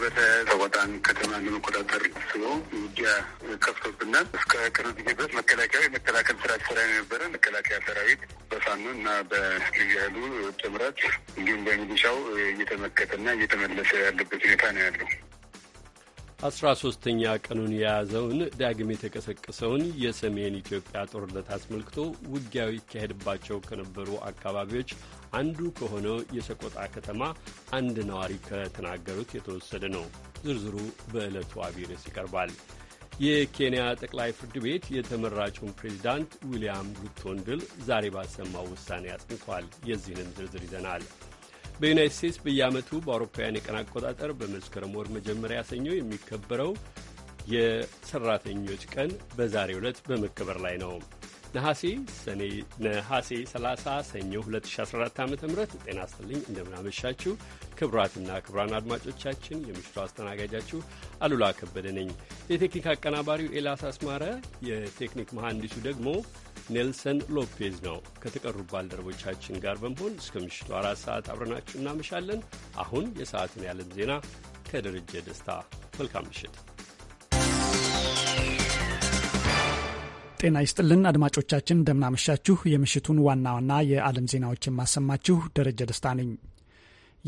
በተያያዘ ወጣን ከተማ ለመቆጣጠር ስቦ ውጊያ ከፍቶብናል። እስከ ቅርብ ጊዜ ድረስ መከላከያ የመከላከል ስራ ሲሰራ የነበረ መከላከያ ሰራዊት በፋኖ እና በልዩ ኃይሉ ጥምረት እንዲሁም በሚሊሻው እየተመከተና እየተመለሰ ያለበት ሁኔታ ነው ያለው። አስራ ሶስተኛ ቀኑን የያዘውን ዳግም የተቀሰቀሰውን የሰሜን ኢትዮጵያ ጦርነት አስመልክቶ ውጊያው ይካሄድባቸው ከነበሩ አካባቢዎች አንዱ ከሆነው የሰቆጣ ከተማ አንድ ነዋሪ ከተናገሩት የተወሰደ ነው። ዝርዝሩ በዕለቱ አብይ ይቀርባል። የኬንያ ጠቅላይ ፍርድ ቤት የተመራጩን ፕሬዚዳንት ዊልያም ሩቶን ድል ዛሬ ባሰማው ውሳኔ አጽንቷል። የዚህንም ዝርዝር ይዘናል። በዩናይት ስቴትስ በየዓመቱ በአውሮፓውያን የቀን አቆጣጠር በመስከረም ወር መጀመሪያ ሰኞ የሚከበረው የሰራተኞች ቀን በዛሬ ዕለት በመከበር ላይ ነው። ነሐሴ ሰኔ ነሐሴ 30 ሰኞ 2014 ዓ ም ጤና ይስጥልኝ እንደምናመሻችሁ ክቡራትና ክቡራን አድማጮቻችን የምሽቱ አስተናጋጃችሁ አሉላ ከበደ ነኝ። የቴክኒክ አቀናባሪው ኤላስ አስማረ፣ የቴክኒክ መሐንዲሱ ደግሞ ኔልሰን ሎፔዝ ነው። ከተቀሩ ባልደረቦቻችን ጋር በመሆን እስከ ምሽቱ አራት ሰዓት አብረናችሁ እናመሻለን። አሁን የሰዓቱን ያለም ዜና ከደረጀ ደስታ። መልካም ምሽት። ጤና ይስጥልን አድማጮቻችን፣ እንደምናመሻችሁ። የምሽቱን ዋና ዋና የዓለም ዜናዎች የማሰማችሁ ደረጀ ደስታ ነኝ።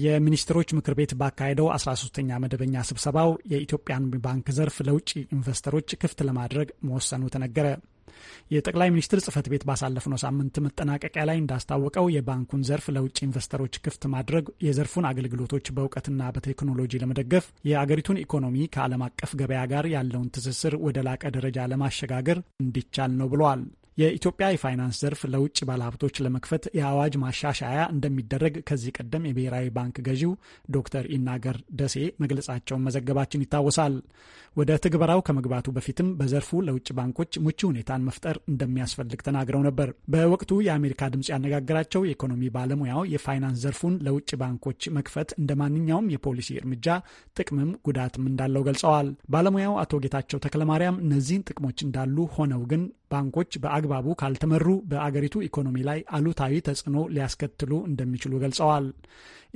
የሚኒስትሮች ምክር ቤት ባካሄደው 13ኛ መደበኛ ስብሰባው የኢትዮጵያን ባንክ ዘርፍ ለውጭ ኢንቨስተሮች ክፍት ለማድረግ መወሰኑ ተነገረ። የጠቅላይ ሚኒስትር ጽህፈት ቤት ባሳለፍነው ሳምንት መጠናቀቂያ ላይ እንዳስታወቀው የባንኩን ዘርፍ ለውጭ ኢንቨስተሮች ክፍት ማድረግ የዘርፉን አገልግሎቶች በእውቀትና በቴክኖሎጂ ለመደገፍ የአገሪቱን ኢኮኖሚ ከዓለም አቀፍ ገበያ ጋር ያለውን ትስስር ወደ ላቀ ደረጃ ለማሸጋገር እንዲቻል ነው ብለዋል። የኢትዮጵያ የፋይናንስ ዘርፍ ለውጭ ባለሀብቶች ለመክፈት የአዋጅ ማሻሻያ እንደሚደረግ ከዚህ ቀደም የብሔራዊ ባንክ ገዢው ዶክተር ኢናገር ደሴ መግለጻቸውን መዘገባችን ይታወሳል። ወደ ትግበራው ከመግባቱ በፊትም በዘርፉ ለውጭ ባንኮች ምቹ ሁኔታን መፍጠር እንደሚያስፈልግ ተናግረው ነበር። በወቅቱ የአሜሪካ ድምፅ ያነጋገራቸው የኢኮኖሚ ባለሙያው የፋይናንስ ዘርፉን ለውጭ ባንኮች መክፈት እንደ ማንኛውም የፖሊሲ እርምጃ ጥቅምም ጉዳትም እንዳለው ገልጸዋል። ባለሙያው አቶ ጌታቸው ተክለማርያም እነዚህን ጥቅሞች እንዳሉ ሆነው ግን ባንኮች በአግባቡ ካልተመሩ በአገሪቱ ኢኮኖሚ ላይ አሉታዊ ተጽዕኖ ሊያስከትሉ እንደሚችሉ ገልጸዋል።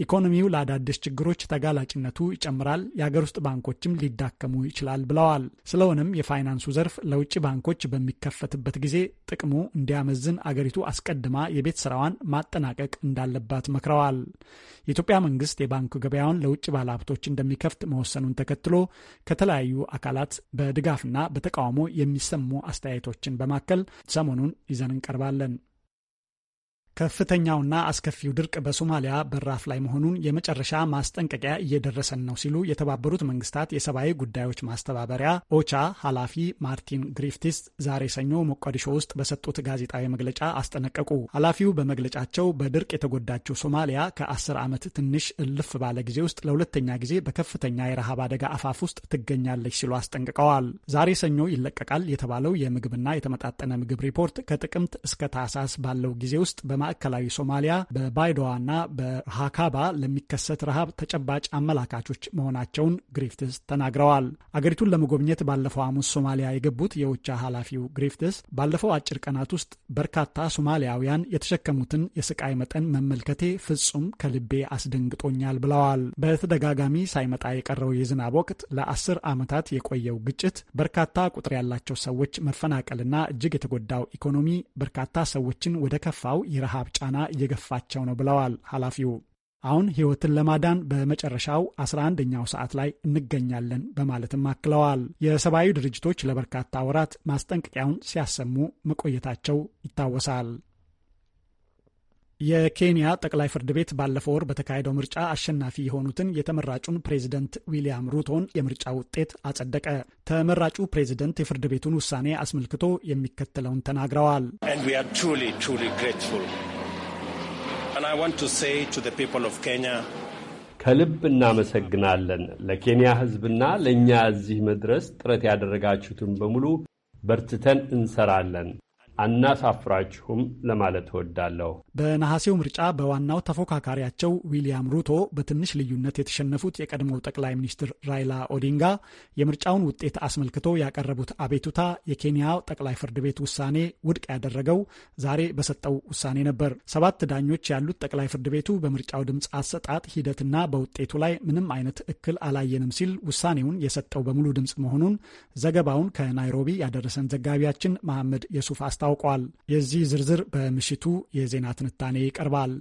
ኢኮኖሚው ለአዳዲስ ችግሮች ተጋላጭነቱ ይጨምራል፣ የአገር ውስጥ ባንኮችም ሊዳከሙ ይችላል ብለዋል። ስለሆነም የፋይናንሱ ዘርፍ ለውጭ ባንኮች በሚከፈትበት ጊዜ ጥቅሙ እንዲያመዝን አገሪቱ አስቀድማ የቤት ስራዋን ማጠናቀቅ እንዳለባት መክረዋል። የኢትዮጵያ መንግስት የባንክ ገበያውን ለውጭ ባለሀብቶች እንደሚከፍት መወሰኑን ተከትሎ ከተለያዩ አካላት በድጋፍና በተቃውሞ የሚሰሙ አስተያየቶችን በ በማከል ሰሞኑን ይዘን እንቀርባለን። ከፍተኛውና አስከፊው ድርቅ በሶማሊያ በራፍ ላይ መሆኑን የመጨረሻ ማስጠንቀቂያ እየደረሰን ነው ሲሉ የተባበሩት መንግስታት የሰብአዊ ጉዳዮች ማስተባበሪያ ኦቻ ኃላፊ ማርቲን ግሪፍቲስ ዛሬ ሰኞ ሞቃዲሾ ውስጥ በሰጡት ጋዜጣዊ መግለጫ አስጠነቀቁ። ኃላፊው በመግለጫቸው በድርቅ የተጎዳችው ሶማሊያ ከአስር ዓመት ትንሽ እልፍ ባለ ጊዜ ውስጥ ለሁለተኛ ጊዜ በከፍተኛ የረሃብ አደጋ አፋፍ ውስጥ ትገኛለች ሲሉ አስጠንቅቀዋል። ዛሬ ሰኞ ይለቀቃል የተባለው የምግብና የተመጣጠነ ምግብ ሪፖርት ከጥቅምት እስከ ታህሳስ ባለው ጊዜ ውስጥ በማ በማዕከላዊ ሶማሊያ በባይዶዋና በሃካባ ለሚከሰት ረሃብ ተጨባጭ አመላካቾች መሆናቸውን ግሪፍትስ ተናግረዋል። አገሪቱን ለመጎብኘት ባለፈው ሐሙስ ሶማሊያ የገቡት የውጭ ኃላፊው ግሪፍትስ ባለፈው አጭር ቀናት ውስጥ በርካታ ሶማሊያውያን የተሸከሙትን የስቃይ መጠን መመልከቴ ፍጹም ከልቤ አስደንግጦኛል ብለዋል። በተደጋጋሚ ሳይመጣ የቀረው የዝናብ ወቅት፣ ለአስር ዓመታት የቆየው ግጭት፣ በርካታ ቁጥር ያላቸው ሰዎች መፈናቀልና እጅግ የተጎዳው ኢኮኖሚ በርካታ ሰዎችን ወደ ከፋው ይረሃል የረሃብ ጫና እየገፋቸው ነው ብለዋል ኃላፊው። አሁን ሕይወትን ለማዳን በመጨረሻው 11ኛው ሰዓት ላይ እንገኛለን በማለትም አክለዋል። የሰብአዊ ድርጅቶች ለበርካታ ወራት ማስጠንቀቂያውን ሲያሰሙ መቆየታቸው ይታወሳል። የኬንያ ጠቅላይ ፍርድ ቤት ባለፈው ወር በተካሄደው ምርጫ አሸናፊ የሆኑትን የተመራጩን ፕሬዝደንት ዊልያም ሩቶን የምርጫ ውጤት አጸደቀ። ተመራጩ ፕሬዝደንት የፍርድ ቤቱን ውሳኔ አስመልክቶ የሚከተለውን ተናግረዋል። ከልብ እናመሰግናለን። ለኬንያ ሕዝብና ለእኛ እዚህ መድረስ ጥረት ያደረጋችሁትን በሙሉ በርትተን እንሰራለን አናሳፍራችሁም ለማለት እወዳለሁ። በነሐሴው ምርጫ በዋናው ተፎካካሪያቸው ዊልያም ሩቶ በትንሽ ልዩነት የተሸነፉት የቀድሞው ጠቅላይ ሚኒስትር ራይላ ኦዲንጋ የምርጫውን ውጤት አስመልክቶ ያቀረቡት አቤቱታ የኬንያ ጠቅላይ ፍርድ ቤት ውሳኔ ውድቅ ያደረገው ዛሬ በሰጠው ውሳኔ ነበር። ሰባት ዳኞች ያሉት ጠቅላይ ፍርድ ቤቱ በምርጫው ድምፅ አሰጣጥ ሂደትና በውጤቱ ላይ ምንም አይነት እክል አላየንም ሲል ውሳኔውን የሰጠው በሙሉ ድምፅ መሆኑን ዘገባውን ከናይሮቢ ያደረሰን ዘጋቢያችን መሐመድ የሱፍ አስታ አስታውቋል። የዚህ ዝርዝር በምሽቱ የዜና ትንታኔ ይቀርባል።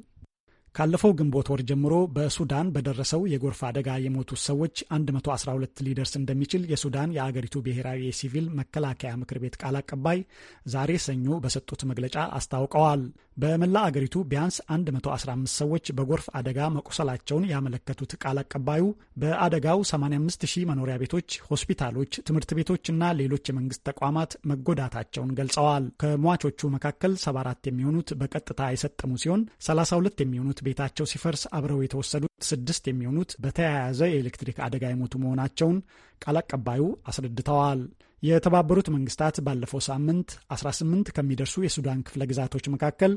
ካለፈው ግንቦት ወር ጀምሮ በሱዳን በደረሰው የጎርፍ አደጋ የሞቱት ሰዎች 112 ሊደርስ እንደሚችል የሱዳን የአገሪቱ ብሔራዊ የሲቪል መከላከያ ምክር ቤት ቃል አቀባይ ዛሬ ሰኞ በሰጡት መግለጫ አስታውቀዋል። በመላ አገሪቱ ቢያንስ 115 ሰዎች በጎርፍ አደጋ መቆሰላቸውን ያመለከቱት ቃል አቀባዩ በአደጋው 85 ሺህ መኖሪያ ቤቶች፣ ሆስፒታሎች፣ ትምህርት ቤቶችና ሌሎች የመንግስት ተቋማት መጎዳታቸውን ገልጸዋል። ከሟቾቹ መካከል 74 የሚሆኑት በቀጥታ የሰጠሙ ሲሆን 32 የሚሆኑት ቤታቸው ሲፈርስ አብረው የተወሰዱት ስድስት የሚሆኑት በተያያዘ የኤሌክትሪክ አደጋ የሞቱ መሆናቸውን ቃል አቀባዩ አስረድተዋል። የተባበሩት መንግስታት ባለፈው ሳምንት 18 ከሚደርሱ የሱዳን ክፍለ ግዛቶች መካከል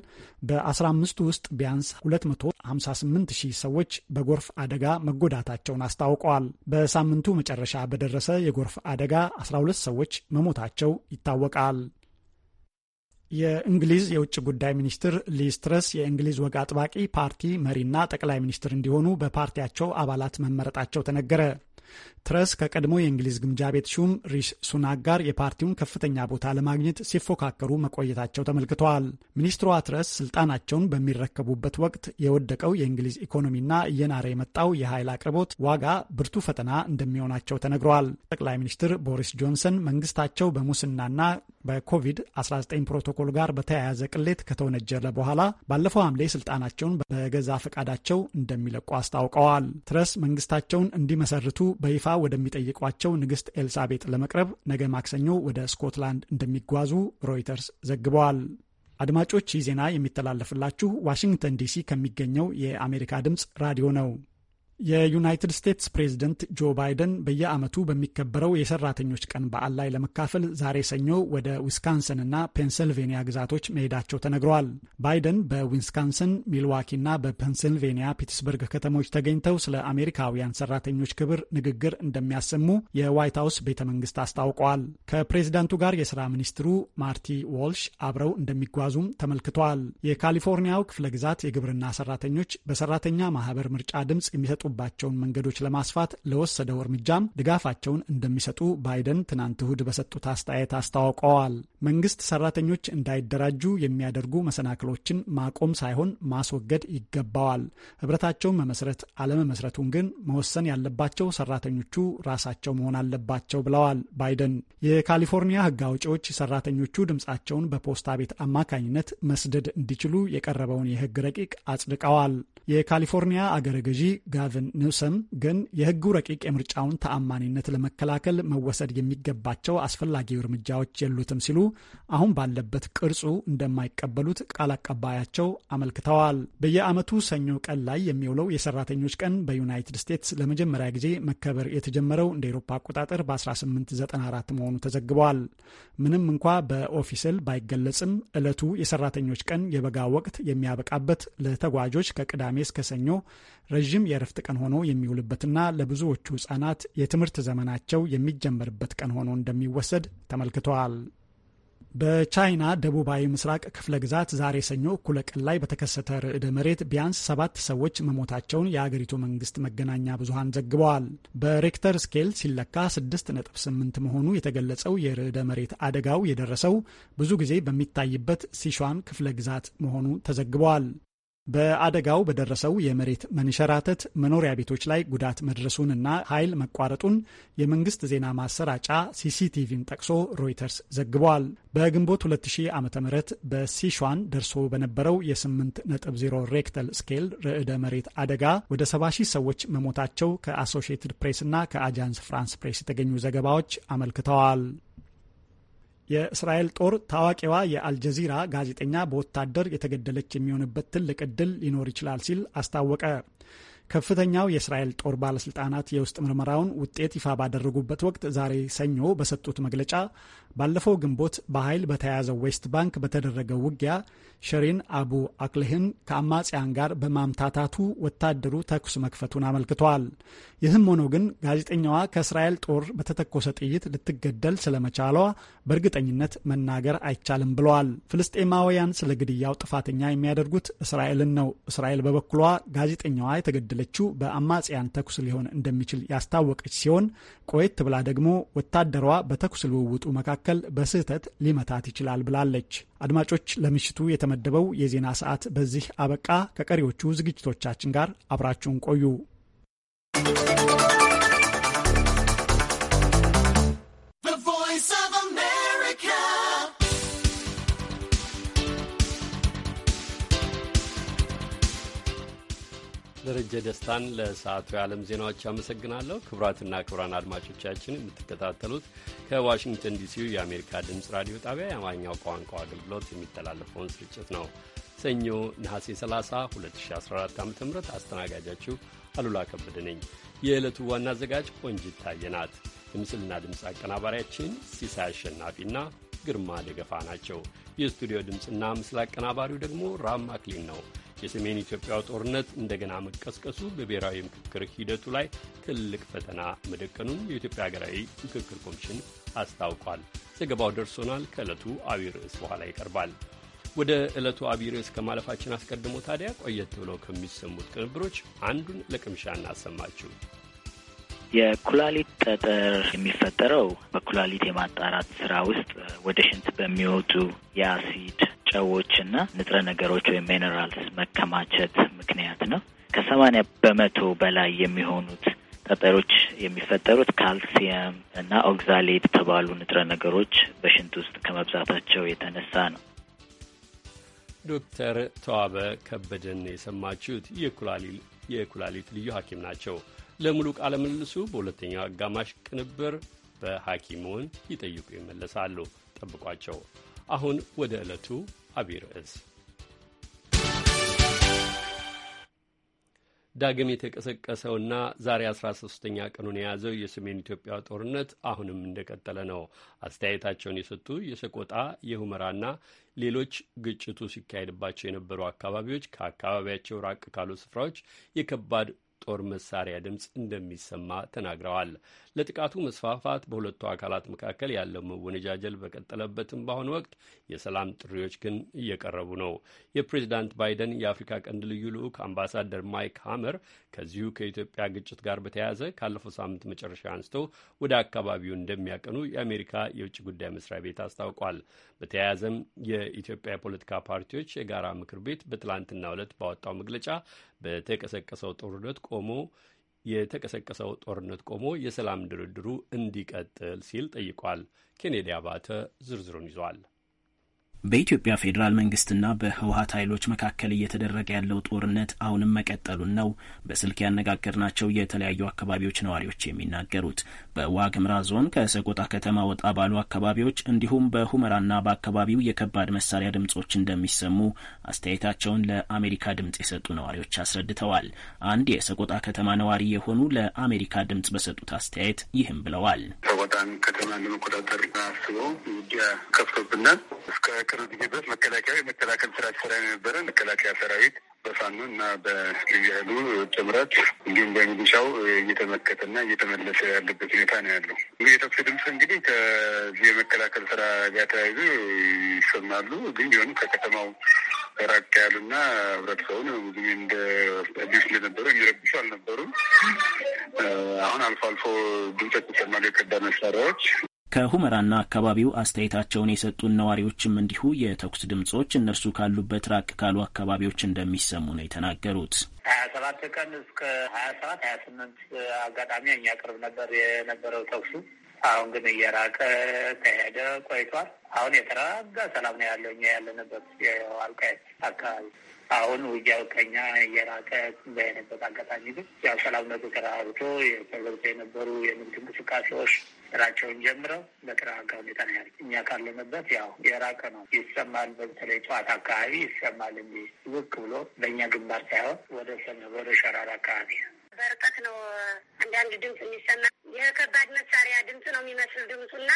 በ15 ውስጥ ቢያንስ 258 ሺህ ሰዎች በጎርፍ አደጋ መጎዳታቸውን አስታውቀዋል። በሳምንቱ መጨረሻ በደረሰ የጎርፍ አደጋ 12 ሰዎች መሞታቸው ይታወቃል። የእንግሊዝ የውጭ ጉዳይ ሚኒስትር ሊስትረስ የእንግሊዝ ወግ አጥባቂ ፓርቲ መሪና ጠቅላይ ሚኒስትር እንዲሆኑ በፓርቲያቸው አባላት መመረጣቸው ተነገረ። ትረስ ከቀድሞ የእንግሊዝ ግምጃ ቤት ሹም ሪሽ ሱናክ ጋር የፓርቲውን ከፍተኛ ቦታ ለማግኘት ሲፎካከሩ መቆየታቸው ተመልክተዋል። ሚኒስትሯ ትረስ ስልጣናቸውን በሚረከቡበት ወቅት የወደቀው የእንግሊዝ ኢኮኖሚና እየናረ የመጣው የኃይል አቅርቦት ዋጋ ብርቱ ፈተና እንደሚሆናቸው ተነግረዋል። ጠቅላይ ሚኒስትር ቦሪስ ጆንሰን መንግስታቸው በሙስናና በኮቪድ-19 ፕሮቶኮል ጋር በተያያዘ ቅሌት ከተወነጀለ በኋላ ባለፈው ሐምሌ ስልጣናቸውን በገዛ ፈቃዳቸው እንደሚለቁ አስታውቀዋል። ትረስ መንግስታቸውን እንዲመሰርቱ በይፋ ወደሚጠይቋቸው ንግሥት ኤልሳቤጥ ለመቅረብ ነገ ማክሰኞ ወደ ስኮትላንድ እንደሚጓዙ ሮይተርስ ዘግበዋል። አድማጮች ይህ ዜና የሚተላለፍላችሁ ዋሽንግተን ዲሲ ከሚገኘው የአሜሪካ ድምፅ ራዲዮ ነው። የዩናይትድ ስቴትስ ፕሬዝደንት ጆ ባይደን በየዓመቱ በሚከበረው የሰራተኞች ቀን በዓል ላይ ለመካፈል ዛሬ ሰኞ ወደ ዊስካንሰንና ፔንስልቬንያ ግዛቶች መሄዳቸው ተነግረዋል። ባይደን በዊስካንሰን፣ እና በፔንስልቬንያ ፒትስበርግ ከተሞች ተገኝተው ስለ አሜሪካውያን ሰራተኞች ክብር ንግግር እንደሚያሰሙ የዋይት ሀውስ ቤተ መንግስት አስታውቀዋል። ከፕሬዝዳንቱ ጋር የስራ ሚኒስትሩ ማርቲ ዎልሽ አብረው እንደሚጓዙም ተመልክተዋል። የካሊፎርኒያው ክፍለ ግዛት የግብርና ሰራተኞች በሰራተኛ ማህበር ምርጫ ድምፅ የሚሰጡ የሚወጡባቸውን መንገዶች ለማስፋት ለወሰደው እርምጃም ድጋፋቸውን እንደሚሰጡ ባይደን ትናንት እሁድ በሰጡት አስተያየት አስታውቀዋል። መንግስት ሰራተኞች እንዳይደራጁ የሚያደርጉ መሰናክሎችን ማቆም ሳይሆን ማስወገድ ይገባዋል። ህብረታቸውን መመስረት አለመመስረቱን ግን መወሰን ያለባቸው ሰራተኞቹ ራሳቸው መሆን አለባቸው ብለዋል ባይደን። የካሊፎርኒያ ህግ አውጪዎች ሰራተኞቹ ድምጻቸውን በፖስታ ቤት አማካኝነት መስደድ እንዲችሉ የቀረበውን የህግ ረቂቅ አጽድቀዋል። የካሊፎርኒያ አገረ ገዢ ጋቨ ኒውሰም ግን የህጉ ረቂቅ የምርጫውን ተአማኒነት ለመከላከል መወሰድ የሚገባቸው አስፈላጊ እርምጃዎች የሉትም ሲሉ አሁን ባለበት ቅርጹ እንደማይቀበሉት ቃል አቀባያቸው አመልክተዋል። በየዓመቱ ሰኞ ቀን ላይ የሚውለው የሰራተኞች ቀን በዩናይትድ ስቴትስ ለመጀመሪያ ጊዜ መከበር የተጀመረው እንደ ኤሮፓ አቆጣጠር በ1894 መሆኑ ተዘግቧል። ምንም እንኳ በኦፊሴል ባይገለጽም ዕለቱ የሰራተኞች ቀን የበጋ ወቅት የሚያበቃበት ለተጓዦች ከቅዳሜ እስከ ሰኞ ረዥም የእረፍት ቀን ሆኖ የሚውልበትና ለብዙዎቹ ህጻናት የትምህርት ዘመናቸው የሚጀመርበት ቀን ሆኖ እንደሚወሰድ ተመልክተዋል። በቻይና ደቡባዊ ምስራቅ ክፍለ ግዛት ዛሬ ሰኞ እኩለ ቀን ላይ በተከሰተ ርዕደ መሬት ቢያንስ ሰባት ሰዎች መሞታቸውን የአገሪቱ መንግስት መገናኛ ብዙሃን ዘግበዋል። በሬክተር ስኬል ሲለካ 6.8 መሆኑ የተገለጸው የርዕደ መሬት አደጋው የደረሰው ብዙ ጊዜ በሚታይበት ሲሿን ክፍለ ግዛት መሆኑ ተዘግበዋል። በአደጋው በደረሰው የመሬት መንሸራተት መኖሪያ ቤቶች ላይ ጉዳት መድረሱንና ኃይል መቋረጡን የመንግስት ዜና ማሰራጫ ሲሲቲቪን ጠቅሶ ሮይተርስ ዘግበዋል። በግንቦት 2000 ዓ ም በሲሿን ደርሶ በነበረው የ8.0 ሬክተል ስኬል ርዕደ መሬት አደጋ ወደ 70,000 ሰዎች መሞታቸው ከአሶሺየትድ ፕሬስና ከአጃንስ ፍራንስ ፕሬስ የተገኙ ዘገባዎች አመልክተዋል። የእስራኤል ጦር ታዋቂዋ የአልጀዚራ ጋዜጠኛ በወታደር የተገደለች የሚሆንበት ትልቅ እድል ሊኖር ይችላል ሲል አስታወቀ። ከፍተኛው የእስራኤል ጦር ባለስልጣናት የውስጥ ምርመራውን ውጤት ይፋ ባደረጉበት ወቅት ዛሬ ሰኞ በሰጡት መግለጫ ባለፈው ግንቦት በኃይል በተያያዘው ዌስት ባንክ በተደረገው ውጊያ ሸሪን አቡ አክልህን ከአማጽያን ጋር በማምታታቱ ወታደሩ ተኩስ መክፈቱን አመልክተዋል። ይህም ሆኖ ግን ጋዜጠኛዋ ከእስራኤል ጦር በተተኮሰ ጥይት ልትገደል ስለመቻሏ በእርግጠኝነት መናገር አይቻልም ብለዋል። ፍልስጤማውያን ስለ ግድያው ጥፋተኛ የሚያደርጉት እስራኤልን ነው። እስራኤል በበኩሏ ጋዜጠኛዋ የተገደለ ያለችው በአማጽያን ተኩስ ሊሆን እንደሚችል ያስታወቀች ሲሆን ቆየት ብላ ደግሞ ወታደሯ በተኩስ ልውውጡ መካከል በስህተት ሊመታት ይችላል ብላለች። አድማጮች፣ ለምሽቱ የተመደበው የዜና ሰዓት በዚህ አበቃ። ከቀሪዎቹ ዝግጅቶቻችን ጋር አብራችሁን ቆዩ። ደረጀ ደስታን ለሰዓቱ የዓለም ዜናዎች አመሰግናለሁ። ክቡራትና ክቡራን አድማጮቻችን የምትከታተሉት ከዋሽንግተን ዲሲው የአሜሪካ ድምፅ ራዲዮ ጣቢያ የአማርኛው ቋንቋ አገልግሎት የሚተላለፈውን ስርጭት ነው። ሰኞ ነሐሴ 30 2014 ዓ ም አስተናጋጃችሁ አሉላ ከበደ ነኝ። የዕለቱ ዋና አዘጋጅ ቆንጅ ታየናት። የምስልና ድምፅ አቀናባሪያችን ሲሳይ አሸናፊና ግርማ ደገፋ ናቸው። የስቱዲዮ ድምፅና ምስል አቀናባሪው ደግሞ ራም አክሊን ነው። የሰሜን ኢትዮጵያው ጦርነት እንደገና መቀስቀሱ በብሔራዊ ምክክር ሂደቱ ላይ ትልቅ ፈተና መደቀኑን የኢትዮጵያ ሀገራዊ ምክክር ኮሚሽን አስታውቋል። ዘገባው ደርሶናል። ከዕለቱ አብይ ርዕስ በኋላ ይቀርባል። ወደ ዕለቱ አብይ ርዕስ ከማለፋችን አስቀድሞ ታዲያ ቆየት ብለው ከሚሰሙት ቅንብሮች አንዱን ለቅምሻ እናሰማችሁ። የኩላሊት ጠጠር የሚፈጠረው በኩላሊት የማጣራት ስራ ውስጥ ወደ ሽንት በሚወጡ የአሲድ ጨዎችና ንጥረ ነገሮች ወይም ሚነራልስ መከማቸት ምክንያት ነው። ከሰማኒያ በመቶ በላይ የሚሆኑት ጠጠሮች የሚፈጠሩት ካልሲየም እና ኦግዛሌት የተባሉ ንጥረ ነገሮች በሽንት ውስጥ ከመብዛታቸው የተነሳ ነው። ዶክተር ተዋበ ከበደን የሰማችሁት የኩላሊት ልዩ ሐኪም ናቸው። ለሙሉ ቃለ ምልልሱ በሁለተኛው አጋማሽ ቅንብር በሐኪሙን ይጠይቁ ይመለሳሉ። ጠብቋቸው። አሁን ወደ ዕለቱ አብይ ርዕስ ዳግም የተቀሰቀሰውና ዛሬ 13ኛ ቀኑን የያዘው የሰሜን ኢትዮጵያ ጦርነት አሁንም እንደቀጠለ ነው። አስተያየታቸውን የሰጡ የሰቆጣ የሁመራና ሌሎች ግጭቱ ሲካሄድባቸው የነበሩ አካባቢዎች ከአካባቢያቸው ራቅ ካሉ ስፍራዎች የከባድ ጦር መሳሪያ ድምፅ እንደሚሰማ ተናግረዋል። ለጥቃቱ መስፋፋት በሁለቱ አካላት መካከል ያለው መወነጃጀል በቀጠለበትም በአሁኑ ወቅት የሰላም ጥሪዎች ግን እየቀረቡ ነው። የፕሬዚዳንት ባይደን የአፍሪካ ቀንድ ልዩ ልዑክ አምባሳደር ማይክ ሃመር ከዚሁ ከኢትዮጵያ ግጭት ጋር በተያያዘ ካለፈው ሳምንት መጨረሻ አንስተው ወደ አካባቢው እንደሚያቀኑ የአሜሪካ የውጭ ጉዳይ መስሪያ ቤት አስታውቋል። በተያያዘም የኢትዮጵያ የፖለቲካ ፓርቲዎች የጋራ ምክር ቤት በትላንትና ዕለት ባወጣው መግለጫ በተቀሰቀሰው ጦርነት ቆሞ የተቀሰቀሰው ጦርነት ቆሞ የሰላም ድርድሩ እንዲቀጥል ሲል ጠይቋል። ኬኔዲ አባተ ዝርዝሩን ይዟል። በኢትዮጵያ ፌዴራል መንግስትና በህወሀት ኃይሎች መካከል እየተደረገ ያለው ጦርነት አሁንም መቀጠሉን ነው በስልክ ያነጋገርናቸው የተለያዩ አካባቢዎች ነዋሪዎች የሚናገሩት። በዋግምራ ዞን ከሰቆጣ ከተማ ወጣ ባሉ አካባቢዎች እንዲሁም በሁመራና በአካባቢው የከባድ መሳሪያ ድምጾች እንደሚሰሙ አስተያየታቸውን ለአሜሪካ ድምጽ የሰጡ ነዋሪዎች አስረድተዋል። አንድ የሰቆጣ ከተማ ነዋሪ የሆኑ ለአሜሪካ ድምጽ በሰጡት አስተያየት ይህም ብለዋል። ሰቆጣን ከተማ ለመቆጣጠር አስበው ውጊያ ከፍቶብናል እስከ ከቅርብ ጊዜ ድረስ መከላከያ የመከላከል ስራ ሲሰራ የነበረ መከላከያ ሰራዊት በፋኖ እና በልዩ ኃይሉ ጥምረት እንዲሁም በሚሊሻው እየተመከተና እየተመለሰ ያለበት ሁኔታ ነው ያለው። እንግዲህ የተኩስ ድምፅ እንግዲህ ከዚህ የመከላከል ስራ ጋር ተያይዞ ይሰማሉ። ግን ቢሆንም ከከተማው ራቅ ያሉና ህብረተሰቡን ብዙ እንደ አዲስ እንደነበሩ የሚረብሹ አልነበሩም። አሁን አልፎ አልፎ ድምፀት ይሰማሉ። የከባድ መሳሪያዎች ከሁመራና አካባቢው አስተያየታቸውን የሰጡን ነዋሪዎችም እንዲሁ የተኩስ ድምጾች እነርሱ ካሉበት ራቅ ካሉ አካባቢዎች እንደሚሰሙ ነው የተናገሩት። ሀያ ሰባት ቀን እስከ ሀያ ሰባት ሀያ ስምንት አጋጣሚ እኛ ቅርብ ነበር የነበረው ተኩሱ። አሁን ግን እየራቀ ከሄደ ቆይቷል። አሁን የተረጋጋ ሰላም ነው ያለው እኛ ያለንበት አልቃየት አካባቢ አሁን ውጊያው ከኛ እየራቀ በሄነበት አጋጣሚ ግን ያው ሰላምነቱ ተራርቶ ተገብቶ የነበሩ የንግድ እንቅስቃሴዎች ስራቸውን ጀምረው በተረጋጋ ሁኔታ ነው ያሉት። እኛ ካለንበት ያው የራቀ ነው ይሰማል። በተለይ ጠዋት አካባቢ ይሰማል እንዲ ውቅ ብሎ በእኛ ግንባር ሳይሆን ወደ ሰ ወደ ሸራራ አካባቢ በርቀት ነው አንዳንድ ድምፅ የሚሰማ የከባድ መሳሪያ ድምፅ ነው የሚመስል ድምፁና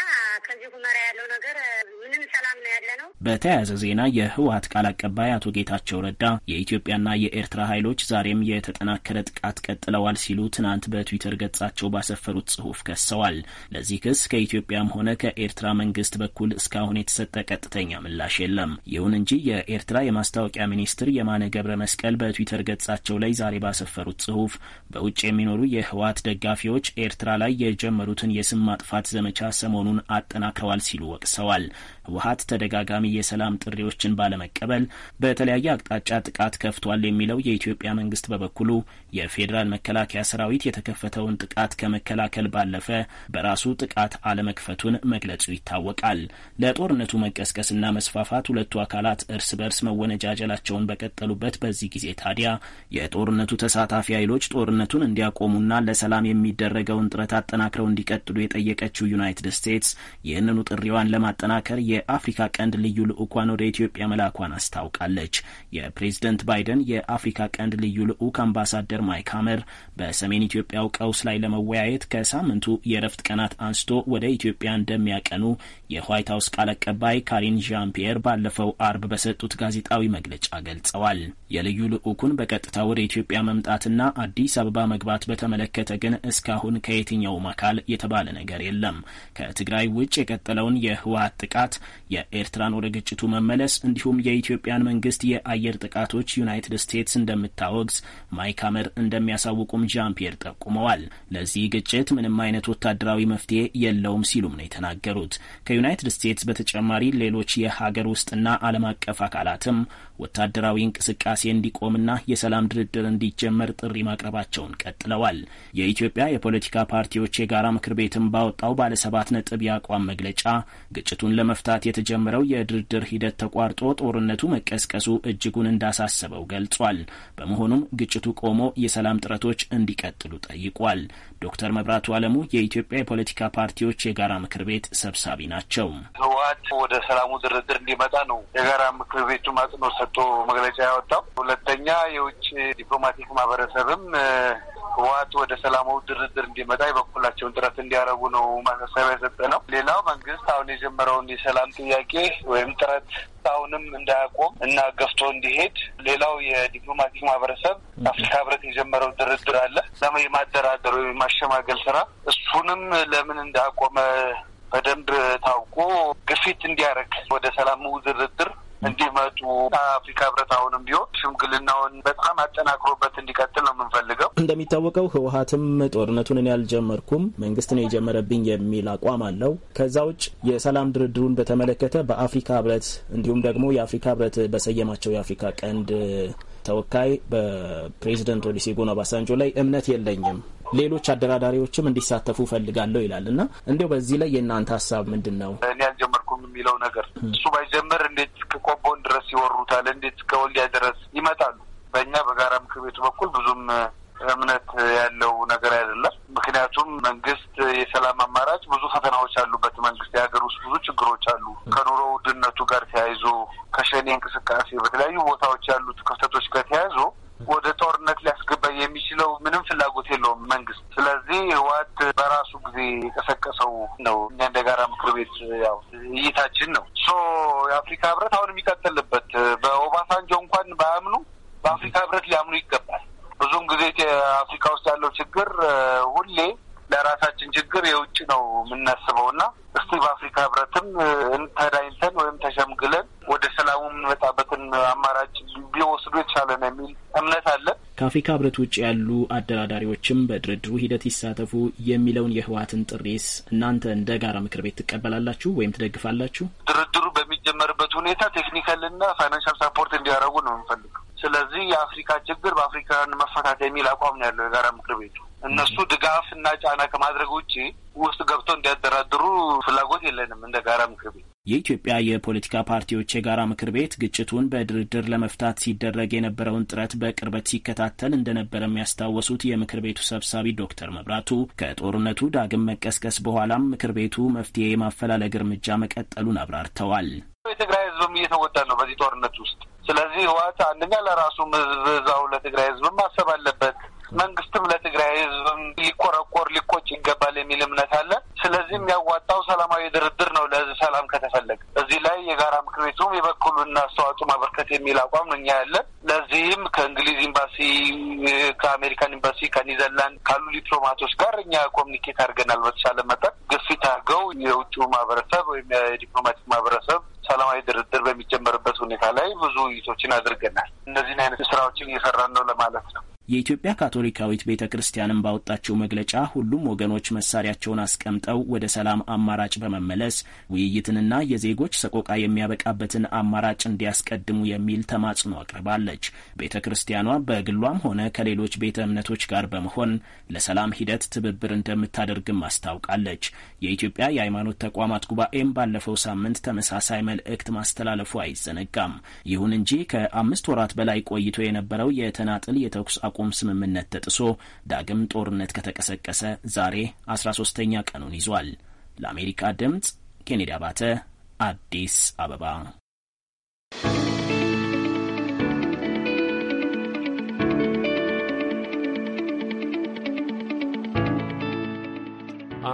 ከዚህ ሁመራ ያለው ነገር ምንም ሰላም ነው ያለ ነው። በተያያዘ ዜና የህወሀት ቃል አቀባይ አቶ ጌታቸው ረዳ የኢትዮጵያና የኤርትራ ኃይሎች ዛሬም የተጠናከረ ጥቃት ቀጥለዋል ሲሉ ትናንት በትዊተር ገጻቸው ባሰፈሩት ጽሁፍ ከሰዋል። ለዚህ ክስ ከኢትዮጵያም ሆነ ከኤርትራ መንግስት በኩል እስካሁን የተሰጠ ቀጥተኛ ምላሽ የለም። ይሁን እንጂ የኤርትራ የማስታወቂያ ሚኒስትር የማነ ገብረ መስቀል በትዊተር ገጻቸው ላይ ዛሬ ባሰፈሩት ጽሁፍ በውጭ የሚኖሩ የህወሀት ደጋፊዎች ኤርትራ ላይ የጀመሩትን የስም ማጥፋት ዘመቻ ሰሞኑን አጠናክረዋል ሲሉ ወቅሰዋል። ህወሀት ተደጋጋሚ የሰላም ጥሪዎችን ባለመቀበል በተለያየ አቅጣጫ ጥቃት ከፍቷል የሚለው የኢትዮጵያ መንግስት በበኩሉ የፌዴራል መከላከያ ሰራዊት የተከፈተውን ጥቃት ከመከላከል ባለፈ በራሱ ጥቃት አለመክፈቱን መግለጹ ይታወቃል። ለጦርነቱ መቀስቀስና መስፋፋት ሁለቱ አካላት እርስ በርስ መወነጃጀላቸውን በቀጠሉበት በዚህ ጊዜ ታዲያ የጦርነቱ ተሳታፊ ኃይሎች ጦርነቱን እንዲያቆሙና ለሰላም የሚደረገውን ጥረት አጠናክረው እንዲቀጥሉ የጠየቀችው ዩናይትድ ስቴትስ ይህንኑ ጥሪዋን ለማጠናከር የአፍሪካ ቀንድ ልዩ ልዑኳን ወደ ኢትዮጵያ መላኳን አስታውቃለች። የፕሬዝደንት ባይደን የአፍሪካ ቀንድ ልዩ ልዑክ አምባሳደር ማይክ ሀመር በሰሜን ኢትዮጵያው ቀውስ ላይ ለመወያየት ከሳምንቱ የእረፍት ቀናት አንስቶ ወደ ኢትዮጵያ እንደሚያቀኑ የዋይት ሀውስ ቃል አቀባይ ካሪን ዣን ፒየር ባለፈው አርብ በሰጡት ጋዜጣዊ መግለጫ ገልጸዋል። የልዩ ልዑኩን በቀጥታ ወደ ኢትዮጵያ መምጣትና አዲስ አበባ መግባት በተመለከተ ግን እስካሁን ከየትኛውም አካል የተባለ ነገር የለም። ከትግራይ ውጭ የቀጠለውን የህወሀት ጥቃት፣ የኤርትራን ወደ ግጭቱ መመለስ እንዲሁም የኢትዮጵያን መንግስት የአየር ጥቃቶች ዩናይትድ ስቴትስ እንደምታወግዝ ማይክ እንደሚያሳውቁም ዣን ፒየር ጠቁመዋል። ለዚህ ግጭት ምንም አይነት ወታደራዊ መፍትሄ የለውም ሲሉም ነው የተናገሩት። ከዩናይትድ ስቴትስ በተጨማሪ ሌሎች የሀገር ውስጥና ዓለም አቀፍ አካላትም ወታደራዊ እንቅስቃሴ እንዲቆምና የሰላም ድርድር እንዲጀመር ጥሪ ማቅረባቸውን ቀጥለዋል። የኢትዮጵያ የፖለቲካ ፓርቲዎች የጋራ ምክር ቤትም ባወጣው ባለ ሰባት ነጥብ የአቋም መግለጫ ግጭቱን ለመፍታት የተጀመረው የድርድር ሂደት ተቋርጦ ጦርነቱ መቀስቀሱ እጅጉን እንዳሳሰበው ገልጿል። በመሆኑም ግጭቱ ቆሞ የሰላም ጥረቶች እንዲቀጥሉ ጠይቋል። ዶክተር መብራቱ አለሙ የኢትዮጵያ የፖለቲካ ፓርቲዎች የጋራ ምክር ቤት ሰብሳቢ ናቸው። ህወሀት ወደ ሰላሙ ድርድር እንዲመጣ ነው የጋራ ምክር ቤቱ ማጽኖ ሰጥቶ መግለጫ ያወጣው። ሁለተኛ የውጭ ዲፕሎማቲክ ማህበረሰብም ህወሓት ወደ ሰላማዊ ድርድር እንዲመጣ የበኩላቸውን ጥረት እንዲያደርጉ ነው ማሳሰቢያ የሰጠ ነው። ሌላው መንግስት አሁን የጀመረውን የሰላም ጥያቄ ወይም ጥረት አሁንም እንዳያቆም እና ገፍቶ እንዲሄድ። ሌላው የዲፕሎማቲክ ማህበረሰብ አፍሪካ ህብረት የጀመረው ድርድር አለ የማደራደር ወይም የማሸማገል ስራ እሱንም ለምን እንዳቆመ በደንብ ታውቆ ግፊት እንዲያደርግ ወደ ሰላም ድርድር እንዲመጡ አፍሪካ ህብረት አሁንም ቢሆን ሽምግልናውን በጣም አጠናክሮበት እንዲቀጥል ነው የምንፈልገው። እንደሚታወቀው ህወሀትም ጦርነቱን እኔ አልጀመርኩም መንግስት ነው የጀመረብኝ የሚል አቋም አለው። ከዛ ውጭ የሰላም ድርድሩን በተመለከተ በአፍሪካ ህብረት እንዲሁም ደግሞ የአፍሪካ ህብረት በሰየማቸው የአፍሪካ ቀንድ ተወካይ በፕሬዚደንት ኦሉሴጉን ኦባሳንጆ ላይ እምነት የለኝም፣ ሌሎች አደራዳሪዎችም እንዲሳተፉ ፈልጋለሁ ይላል እና እንዲያው በዚህ ላይ የእናንተ ሀሳብ ምንድን ነው? እኔ አይደርሱም የሚለው ነገር እሱ ባይጀምር እንዴት ከቆቦን ድረስ ይወሩታል? እንዴት ከወልዲያ ድረስ ይመጣሉ? በእኛ በጋራ ምክር ቤቱ በኩል ብዙም እምነት ያለው ነገር አይደለም። ምክንያቱም መንግስት የሰላም አማራጭ ብዙ ፈተናዎች አሉበት። መንግስት የሀገር ውስጥ ብዙ ችግሮች አሉ። ከኑሮ ውድነቱ ጋር ተያይዞ ከሸኔ እንቅስቃሴ፣ በተለያዩ ቦታዎች ያሉት ክፍተቶች ጋር ተያይዞ ወደ ጦርነት ሊያስገባ የሚችለው ምንም ፍላጎት የለውም መንግስት። ስለዚህ ህወሓት በራሱ ጊዜ የቀሰቀሰው ነው። እኛ እንደ ጋራ ምክር ቤት ያው ከአፍሪካ ህብረት ውጭ ያሉ አደራዳሪዎችም በድርድሩ ሂደት ይሳተፉ የሚለውን የህወሓትን ጥሪስ እናንተ እንደ ጋራ ምክር ቤት ትቀበላላችሁ ወይም ትደግፋላችሁ? ድርድሩ በሚጀመርበት ሁኔታ ቴክኒካልና ፋይናንሻል ሳፖርት እንዲያደርጉ ነው የምንፈልገው። ስለዚህ የአፍሪካ ችግር በአፍሪካን መፈታት የሚል አቋም ነው ያለው የጋራ ምክር ቤቱ። እነሱ ድጋፍ እና ጫና ከማድረግ ውጭ ውስጥ ገብተው እንዲያደራድሩ ፍላጎት የለንም እንደ ጋራ ምክር ቤት። የኢትዮጵያ የፖለቲካ ፓርቲዎች የጋራ ምክር ቤት ግጭቱን በድርድር ለመፍታት ሲደረግ የነበረውን ጥረት በቅርበት ሲከታተል እንደነበረ የሚያስታወሱት የምክር ቤቱ ሰብሳቢ ዶክተር መብራቱ ከጦርነቱ ዳግም መቀስቀስ በኋላም ምክር ቤቱ መፍትሄ የማፈላለግ እርምጃ መቀጠሉን አብራርተዋል። የትግራይ ህዝብም እየተጎዳ ነው። በዚህ ጦርነት ውስጥ ስለዚህ ህወሓት አንደኛ ለራሱም ህዝብ እዛው ለትግራይ ህዝብም ማሰብ አለበት። መንግስትም ለትግራይ ህዝብም ሊቆረቆር ሊቆጭ ይገባል የሚል እምነት አለ። ስለዚህ የሚያዋጣው ሰላማዊ ድርድር ነው፣ ለህዝብ ሰላም ከተፈለገ። እዚህ ላይ የጋራ ምክር ቤቱም የበኩሉን አስተዋጽኦ ማበርከት የሚል አቋም ነው እኛ ያለን። ለዚህም ከእንግሊዝ ኤምባሲ፣ ከአሜሪካን ኤምባሲ፣ ከኒዘርላንድ ካሉ ዲፕሎማቶች ጋር እኛ ኮሚኒኬት አድርገናል። በተቻለ መጠን ግፊት አድርገው የውጭ ማህበረሰብ ወይም የዲፕሎማቲክ ማህበረሰብ ሰላማዊ ድርድር በሚጀመርበት ሁኔታ ላይ ብዙ ውይይቶችን አድርገናል። እነዚህን አይነት ስራዎችን እየሰራን ነው ለማለት ነው። የኢትዮጵያ ካቶሊካዊት ቤተ ክርስቲያንም ባወጣችው መግለጫ ሁሉም ወገኖች መሳሪያቸውን አስቀምጠው ወደ ሰላም አማራጭ በመመለስ ውይይትንና የዜጎች ሰቆቃ የሚያበቃበትን አማራጭ እንዲያስቀድሙ የሚል ተማጽኖ አቅርባለች። ቤተ ክርስቲያኗ በግሏም ሆነ ከሌሎች ቤተ እምነቶች ጋር በመሆን ለሰላም ሂደት ትብብር እንደምታደርግም አስታውቃለች። የኢትዮጵያ የሃይማኖት ተቋማት ጉባኤም ባለፈው ሳምንት ተመሳሳይ መልእክት ማስተላለፉ አይዘነጋም። ይሁን እንጂ ከአምስት ወራት በላይ ቆይቶ የነበረው የተናጥል የተኩስ አቁም ስምምነት ተጥሶ ዳግም ጦርነት ከተቀሰቀሰ ዛሬ 13ተኛ ቀኑን ይዟል። ለአሜሪካ ድምፅ ኬኔዲ አባተ አዲስ አበባ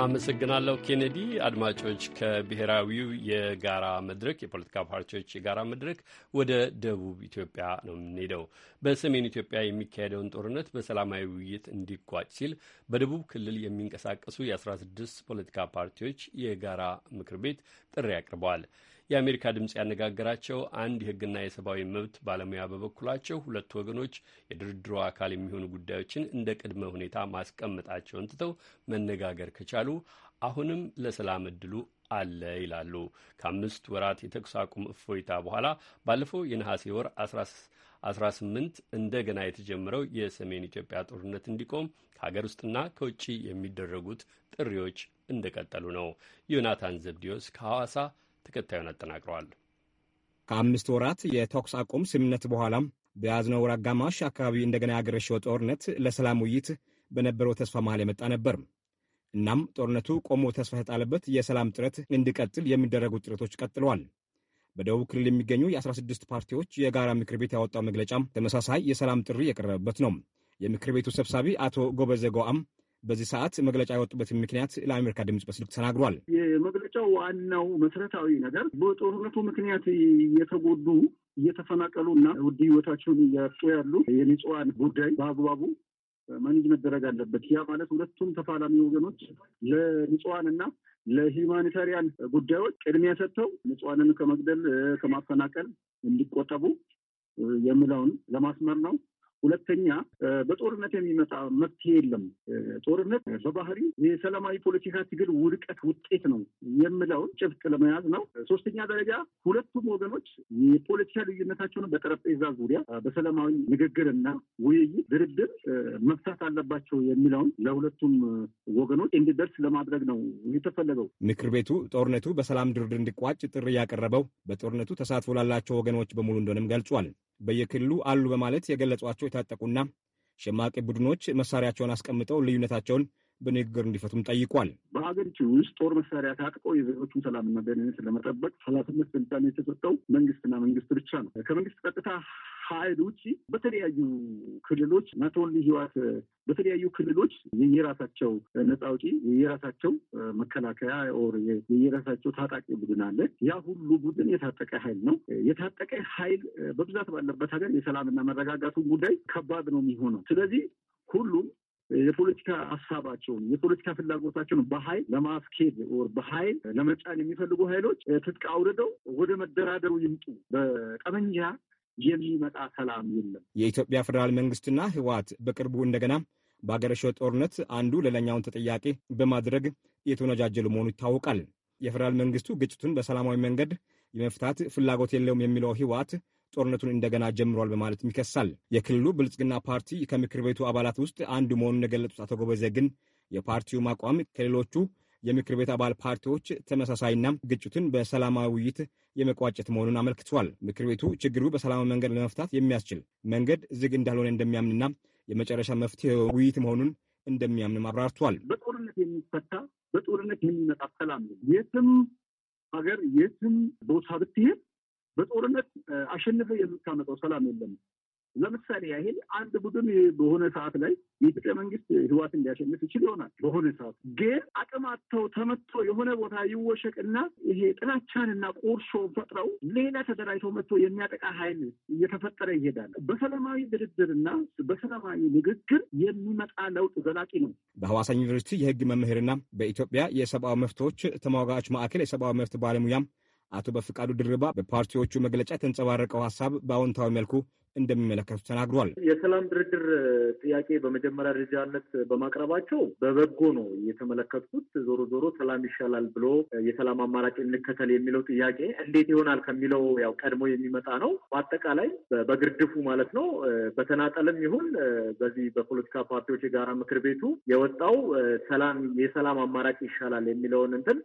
አመሰግናለሁ ኬኔዲ። አድማጮች ከብሔራዊው የጋራ መድረክ የፖለቲካ ፓርቲዎች የጋራ መድረክ ወደ ደቡብ ኢትዮጵያ ነው የምንሄደው። በሰሜን ኢትዮጵያ የሚካሄደውን ጦርነት በሰላማዊ ውይይት እንዲቋጭ ሲል በደቡብ ክልል የሚንቀሳቀሱ የ16 ፖለቲካ ፓርቲዎች የጋራ ምክር ቤት ጥሪ አቅርበዋል። የአሜሪካ ድምፅ ያነጋገራቸው አንድ የህግና የሰብአዊ መብት ባለሙያ በበኩላቸው ሁለቱ ወገኖች የድርድሩ አካል የሚሆኑ ጉዳዮችን እንደ ቅድመ ሁኔታ ማስቀመጣቸውን ትተው መነጋገር ከቻሉ አሁንም ለሰላም እድሉ አለ ይላሉ። ከአምስት ወራት የተኩስ አቁም እፎይታ በኋላ ባለፈው የነሐሴ ወር 18 እንደገና የተጀመረው የሰሜን ኢትዮጵያ ጦርነት እንዲቆም ከሀገር ውስጥና ከውጭ የሚደረጉት ጥሪዎች እንደቀጠሉ ነው። ዮናታን ዘብዲዮስ ከሐዋሳ ተከታዩን አጠናቅረዋል። ከአምስት ወራት የተኩስ አቁም ስምምነት በኋላም በያዝነው ወር አጋማሽ አካባቢ እንደገና ያገረሸው ጦርነት ለሰላም ውይይት በነበረው ተስፋ መሃል የመጣ ነበር። እናም ጦርነቱ ቆሞ ተስፋ የጣለበት የሰላም ጥረት እንዲቀጥል የሚደረጉ ጥረቶች ቀጥለዋል። በደቡብ ክልል የሚገኙ የ16 ፓርቲዎች የጋራ ምክር ቤት ያወጣው መግለጫም ተመሳሳይ የሰላም ጥሪ የቀረበበት ነው። የምክር ቤቱ ሰብሳቢ አቶ ጎበዜ ጎአም በዚህ ሰዓት መግለጫ ያወጡበትን ምክንያት ለአሜሪካ ድምፅ በስልክ ተናግሯል። የመግለጫው ዋናው መሰረታዊ ነገር በጦርነቱ ምክንያት የተጎዱ እየተፈናቀሉ እና ውድ ህይወታቸውን እያጡ ያሉ የንጽዋን ጉዳይ በአግባቡ መንጅ መደረግ አለበት። ያ ማለት ሁለቱም ተፋላሚ ወገኖች ለንጹሃን እና ለሂማኒታሪያን ጉዳዮች ቅድሚያ ሰጥተው ንጽዋንን ከመግደል ከማፈናቀል እንዲቆጠቡ የሚለውን ለማስመር ነው። ሁለተኛ በጦርነት የሚመጣ መፍትሄ የለም። ጦርነት በባህሪ የሰላማዊ ፖለቲካ ትግል ውድቀት ውጤት ነው የምለውን ጭብጥ ለመያዝ ነው። ሶስተኛ ደረጃ ሁለቱም ወገኖች የፖለቲካ ልዩነታቸውን በጠረጴዛ ዙሪያ በሰላማዊ ንግግርና ውይይት፣ ድርድር መፍታት አለባቸው የሚለውን ለሁለቱም ወገኖች እንዲደርስ ለማድረግ ነው የተፈለገው። ምክር ቤቱ ጦርነቱ በሰላም ድርድር እንዲቋጭ ጥሪ ያቀረበው በጦርነቱ ተሳትፎ ላላቸው ወገኖች በሙሉ እንደሆነም ገልጿል። በየክልሉ አሉ በማለት የገለጿቸው የታጠቁና ሸማቂ ቡድኖች መሳሪያቸውን አስቀምጠው ልዩነታቸውን በንግግር እንዲፈቱም ጠይቋል። በሀገሪቱ ውስጥ ጦር መሳሪያ ታጥቆ የዜጎቹን ሰላምና ደህንነት ለመጠበቅ ኃላፊነት ስልጣን የተሰጠው መንግስትና መንግስት ብቻ ነው። ከመንግስት ቀጥታ ኃይል ውጭ በተለያዩ ክልሎች ናቶን ህዋት በተለያዩ ክልሎች የየራሳቸው ነጻ አውጪ የየራሳቸው መከላከያ ኦር የየራሳቸው ታጣቂ ቡድን አለ። ያ ሁሉ ቡድን የታጠቀ ኃይል ነው። የታጠቀ ኃይል በብዛት ባለበት ሀገር የሰላምና መረጋጋቱን ጉዳይ ከባድ ነው የሚሆነው። ስለዚህ ሁሉም የፖለቲካ ሀሳባቸውን የፖለቲካ ፍላጎታቸውን በሀይል ለማስኬድ ወር በሀይል ለመጫን የሚፈልጉ ሀይሎች ትጥቅ አውርደው ወደ መደራደሩ ይምጡ። በጠመንጃ የሚመጣ ሰላም የለም። የኢትዮጵያ ፌዴራል መንግስትና ህወሓት በቅርቡ እንደገና በአገረሸ ጦርነት አንዱ ሌላኛውን ተጠያቂ በማድረግ የተወነጃጀሉ መሆኑ ይታወቃል። የፌዴራል መንግስቱ ግጭቱን በሰላማዊ መንገድ የመፍታት ፍላጎት የለውም የሚለው ህወሓት ጦርነቱን እንደገና ጀምሯል በማለትም ይከሳል። የክልሉ ብልጽግና ፓርቲ ከምክር ቤቱ አባላት ውስጥ አንዱ መሆኑን የገለጹት አቶ ጎበዘ ግን የፓርቲውም አቋም ከሌሎቹ የምክር ቤት አባል ፓርቲዎች ተመሳሳይና ግጭቱን በሰላማዊ ውይይት የመቋጨት መሆኑን አመልክተዋል። ምክር ቤቱ ችግሩ በሰላማዊ መንገድ ለመፍታት የሚያስችል መንገድ ዝግ እንዳልሆነ እንደሚያምንና የመጨረሻ መፍትሄ ውይይት መሆኑን እንደሚያምንም አብራርቷል። በጦርነት የሚፈታ በጦርነት የሚመጣ ሰላም የትም ሀገር የትም ቦታ ብትሄድ በጦርነት አሸንፈ የምታመጣው ሰላም የለም። ለምሳሌ ያህል አንድ ቡድን በሆነ ሰዓት ላይ የኢትዮጵያ መንግስት ህዋት ሊያሸንፍ ይችል ይሆናል። በሆነ ሰዓት ግን አቅም አጥተው ተመቶ የሆነ ቦታ ይወሸቅና ይሄ ጥላቻንና ቁርሾ ፈጥረው ሌላ ተደራጅቶ መጥቶ የሚያጠቃ ኃይል እየተፈጠረ ይሄዳል። በሰላማዊ ድርድርና በሰላማዊ ንግግር የሚመጣ ለውጥ ዘላቂ ነው። በሐዋሳ ዩኒቨርሲቲ የህግ መምህርና በኢትዮጵያ የሰብአዊ መብቶች ተሟጋች ማዕከል የሰብአዊ መብት ባለሙያም አቶ በፍቃዱ ድርባ በፓርቲዎቹ መግለጫ የተንጸባረቀው ሀሳብ በአዎንታዊ መልኩ እንደሚመለከቱ ተናግሯል። የሰላም ድርድር ጥያቄ በመጀመሪያ ደረጃነት በማቅረባቸው በበጎ ነው የተመለከትኩት። ዞሮ ዞሮ ሰላም ይሻላል ብሎ የሰላም አማራጭ እንከተል የሚለው ጥያቄ እንዴት ይሆናል ከሚለው ያው ቀድሞ የሚመጣ ነው። በአጠቃላይ በግርድፉ ማለት ነው። በተናጠልም ይሁን በዚህ በፖለቲካ ፓርቲዎች የጋራ ምክር ቤቱ የወጣው ሰላም የሰላም አማራጭ ይሻላል የሚለውን እንትን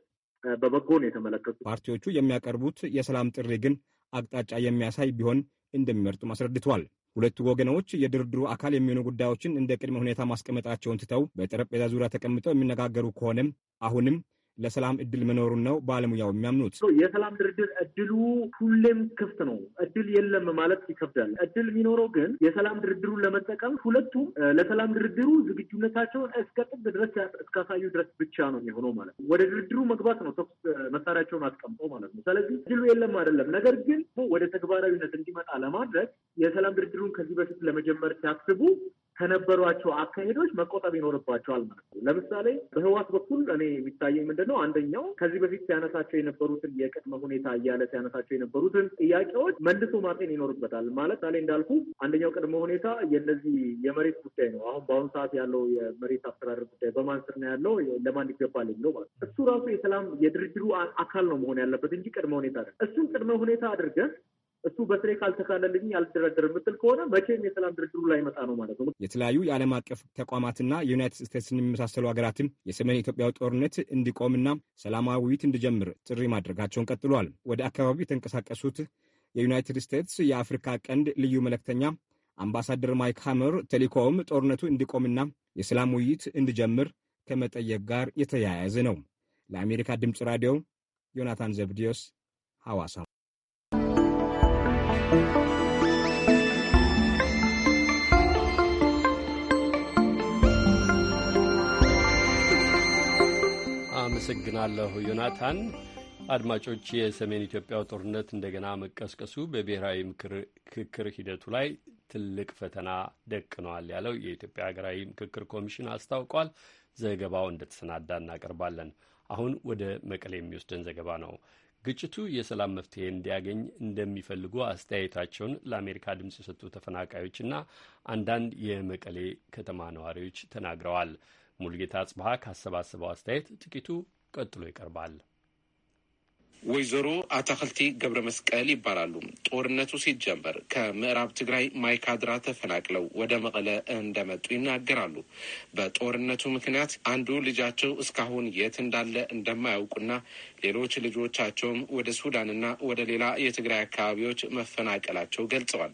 በበጎ ነው የተመለከቱ። ፓርቲዎቹ የሚያቀርቡት የሰላም ጥሪ ግን አቅጣጫ የሚያሳይ ቢሆን እንደሚመርጡም አስረድተዋል። ሁለቱ ወገኖች የድርድሩ አካል የሚሆኑ ጉዳዮችን እንደ ቅድመ ሁኔታ ማስቀመጣቸውን ትተው በጠረጴዛ ዙሪያ ተቀምጠው የሚነጋገሩ ከሆነም አሁንም ለሰላም እድል መኖሩን ነው ባለሙያው የሚያምኑት። የሰላም ድርድር እድሉ ሁሌም ክፍት ነው። እድል የለም ማለት ይከብዳል። እድል የሚኖረው ግን የሰላም ድርድሩን ለመጠቀም ሁለቱም ለሰላም ድርድሩ ዝግጁነታቸውን እስከ ጥግ ድረስ እስካሳዩ ድረስ ብቻ ነው የሚሆነው ማለት ነው። ወደ ድርድሩ መግባት ነው ተኩስ መሳሪያቸውን አስቀምጠው ማለት ነው። ስለዚህ እድሉ የለም አይደለም። ነገር ግን ወደ ተግባራዊነት እንዲመጣ ለማድረግ የሰላም ድርድሩን ከዚህ በፊት ለመጀመር ሲያስቡ ከነበሯቸው አካሄዶች መቆጠብ ይኖርባቸዋል ማለት ነው። ለምሳሌ በህዋት በኩል እኔ የሚታየኝ ምንድን ነው፣ አንደኛው ከዚህ በፊት ሲያነሳቸው የነበሩትን የቅድመ ሁኔታ እያለ ሲያነሳቸው የነበሩትን ጥያቄዎች መልሶ ማጤን ይኖርበታል። ማለት ሳሌ እንዳልኩ አንደኛው ቅድመ ሁኔታ የነዚህ የመሬት ጉዳይ ነው። አሁን በአሁኑ ሰዓት ያለው የመሬት አስተዳደር ጉዳይ በማን ስር ነው ያለው፣ ለማን ይገባል የሚለው ማለት እሱ ራሱ የሰላም የድርድሩ አካል ነው መሆን ያለበት እንጂ ቅድመ ሁኔታ አይደለም። እሱን ቅድመ ሁኔታ አድርገን እሱ በስሬ ካልተካለልኝ አልደረደርም የምትል ከሆነ መቼም የሰላም ድርድሩ ላይ መጣ ነው ማለት ነው። የተለያዩ የዓለም አቀፍ ተቋማትና የዩናይትድ ስቴትስን የሚመሳሰሉ ሀገራትም የሰሜን ኢትዮጵያው ጦርነት እንዲቆምና ሰላማዊ ውይይት እንዲጀምር ጥሪ ማድረጋቸውን ቀጥሏል። ወደ አካባቢው የተንቀሳቀሱት የዩናይትድ ስቴትስ የአፍሪካ ቀንድ ልዩ መልእክተኛ አምባሳደር ማይክ ሃመር ተልእኮውም ጦርነቱ እንዲቆምና የሰላም ውይይት እንዲጀምር ከመጠየቅ ጋር የተያያዘ ነው። ለአሜሪካ ድምፅ ራዲዮ ዮናታን ዘብዲዮስ ሐዋሳ። አመሰግናለሁ ዮናታን። አድማጮች የሰሜን ኢትዮጵያው ጦርነት እንደገና መቀስቀሱ በብሔራዊ ምክክር ሂደቱ ላይ ትልቅ ፈተና ደቅነዋል ያለው የኢትዮጵያ ሀገራዊ ምክክር ኮሚሽን አስታውቋል። ዘገባው እንደተሰናዳ እናቀርባለን። አሁን ወደ መቀሌ የሚወስደን ዘገባ ነው። ግጭቱ የሰላም መፍትሄ እንዲያገኝ እንደሚፈልጉ አስተያየታቸውን ለአሜሪካ ድምፅ የሰጡ ተፈናቃዮችና አንዳንድ የመቀሌ ከተማ ነዋሪዎች ተናግረዋል። ሙልጌታ አጽብሃ ካሰባሰበው አስተያየት ጥቂቱ ቀጥሎ ይቀርባል። ወይዘሮ አታክልቲ ገብረ መስቀል ይባላሉ። ጦርነቱ ሲጀመር ከምዕራብ ትግራይ ማይካድራ ተፈናቅለው ወደ መቀለ እንደመጡ ይናገራሉ። በጦርነቱ ምክንያት አንዱ ልጃቸው እስካሁን የት እንዳለ እንደማያውቁና ሌሎች ልጆቻቸውም ወደ ሱዳንና ወደ ሌላ የትግራይ አካባቢዎች መፈናቀላቸው ገልጸዋል።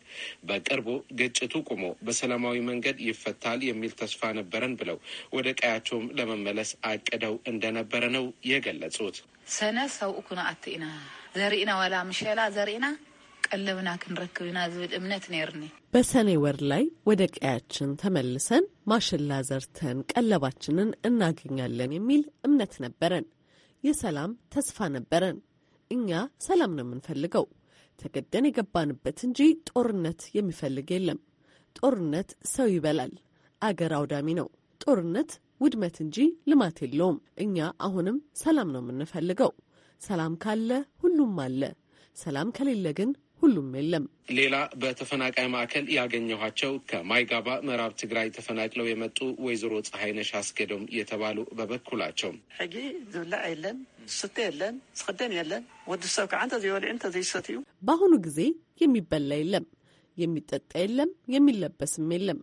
በቅርቡ ግጭቱ ቆሞ በሰላማዊ መንገድ ይፈታል የሚል ተስፋ ነበረን ብለው ወደ ቀያቸውም ለመመለስ አቅደው እንደነበረ ነው የገለጹት። ሰነ ሰው እኩነ አትኢና ዘርኢና ዋላ ምሸላ ዘርኢና ቀለብና ክንረክብ ኢና ዝብል እምነት ነርኒ። በሰኔ ወር ላይ ወደ ቀያችን ተመልሰን ማሽላ ዘርተን ቀለባችንን እናገኛለን የሚል እምነት ነበረን። የሰላም ተስፋ ነበረን። እኛ ሰላም ነው የምንፈልገው። ተገደን የገባንበት እንጂ ጦርነት የሚፈልግ የለም። ጦርነት ሰው ይበላል፣ አገር አውዳሚ ነው። ጦርነት ውድመት እንጂ ልማት የለውም። እኛ አሁንም ሰላም ነው የምንፈልገው። ሰላም ካለ ሁሉም አለ። ሰላም ከሌለ ግን ሁሉም የለም። ሌላ በተፈናቃይ ማዕከል ያገኘኋቸው ከማይጋባ ምዕራብ ትግራይ ተፈናቅለው የመጡ ወይዘሮ ፀሐይነሽ አስገዶም የተባሉ በበኩላቸው ሕጊ ዝብላዕ የለን ዝስተ የለን ዝክደን የለን ወዲ ሰብ ከዓ እንተዘይበልዕ እንተዘይሰት እዩ። በአሁኑ ጊዜ የሚበላ የለም፣ የሚጠጣ የለም፣ የሚለበስም የለም።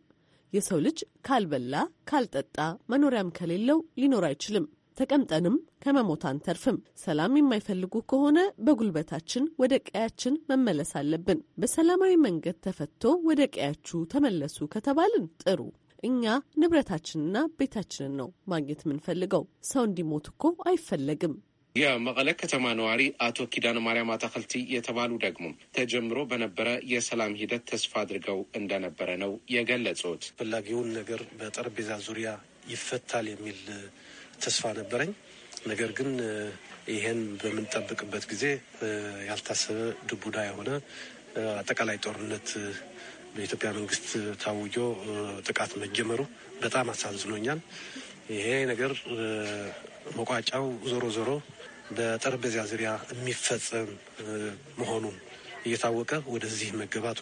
የሰው ልጅ ካልበላ ካልጠጣ መኖሪያም ከሌለው ሊኖር አይችልም። ተቀምጠንም ከመሞት አንተርፍም። ሰላም የማይፈልጉ ከሆነ በጉልበታችን ወደ ቀያችን መመለስ አለብን። በሰላማዊ መንገድ ተፈቶ ወደ ቀያችሁ ተመለሱ ከተባልን ጥሩ እኛ ንብረታችንና ቤታችንን ነው ማግኘት የምንፈልገው። ሰው እንዲሞት እኮ አይፈለግም። የመቀለ ከተማ ነዋሪ አቶ ኪዳነ ማርያም አታክልቲ የተባሉ ደግሞ ተጀምሮ በነበረ የሰላም ሂደት ተስፋ አድርገው እንደነበረ ነው የገለጹት። ፈላጊውን ነገር በጠረጴዛ ዙሪያ ይፈታል የሚል ተስፋ ነበረኝ። ነገር ግን ይሄን በምንጠብቅበት ጊዜ ያልታሰበ ድቡዳ የሆነ አጠቃላይ ጦርነት በኢትዮጵያ መንግስት ታውጆ ጥቃት መጀመሩ በጣም አሳዝኖኛል። ይሄ ነገር መቋጫው ዞሮ ዞሮ በጠረጴዛ ዙሪያ የሚፈጸም መሆኑን እየታወቀ ወደዚህ መገባቱ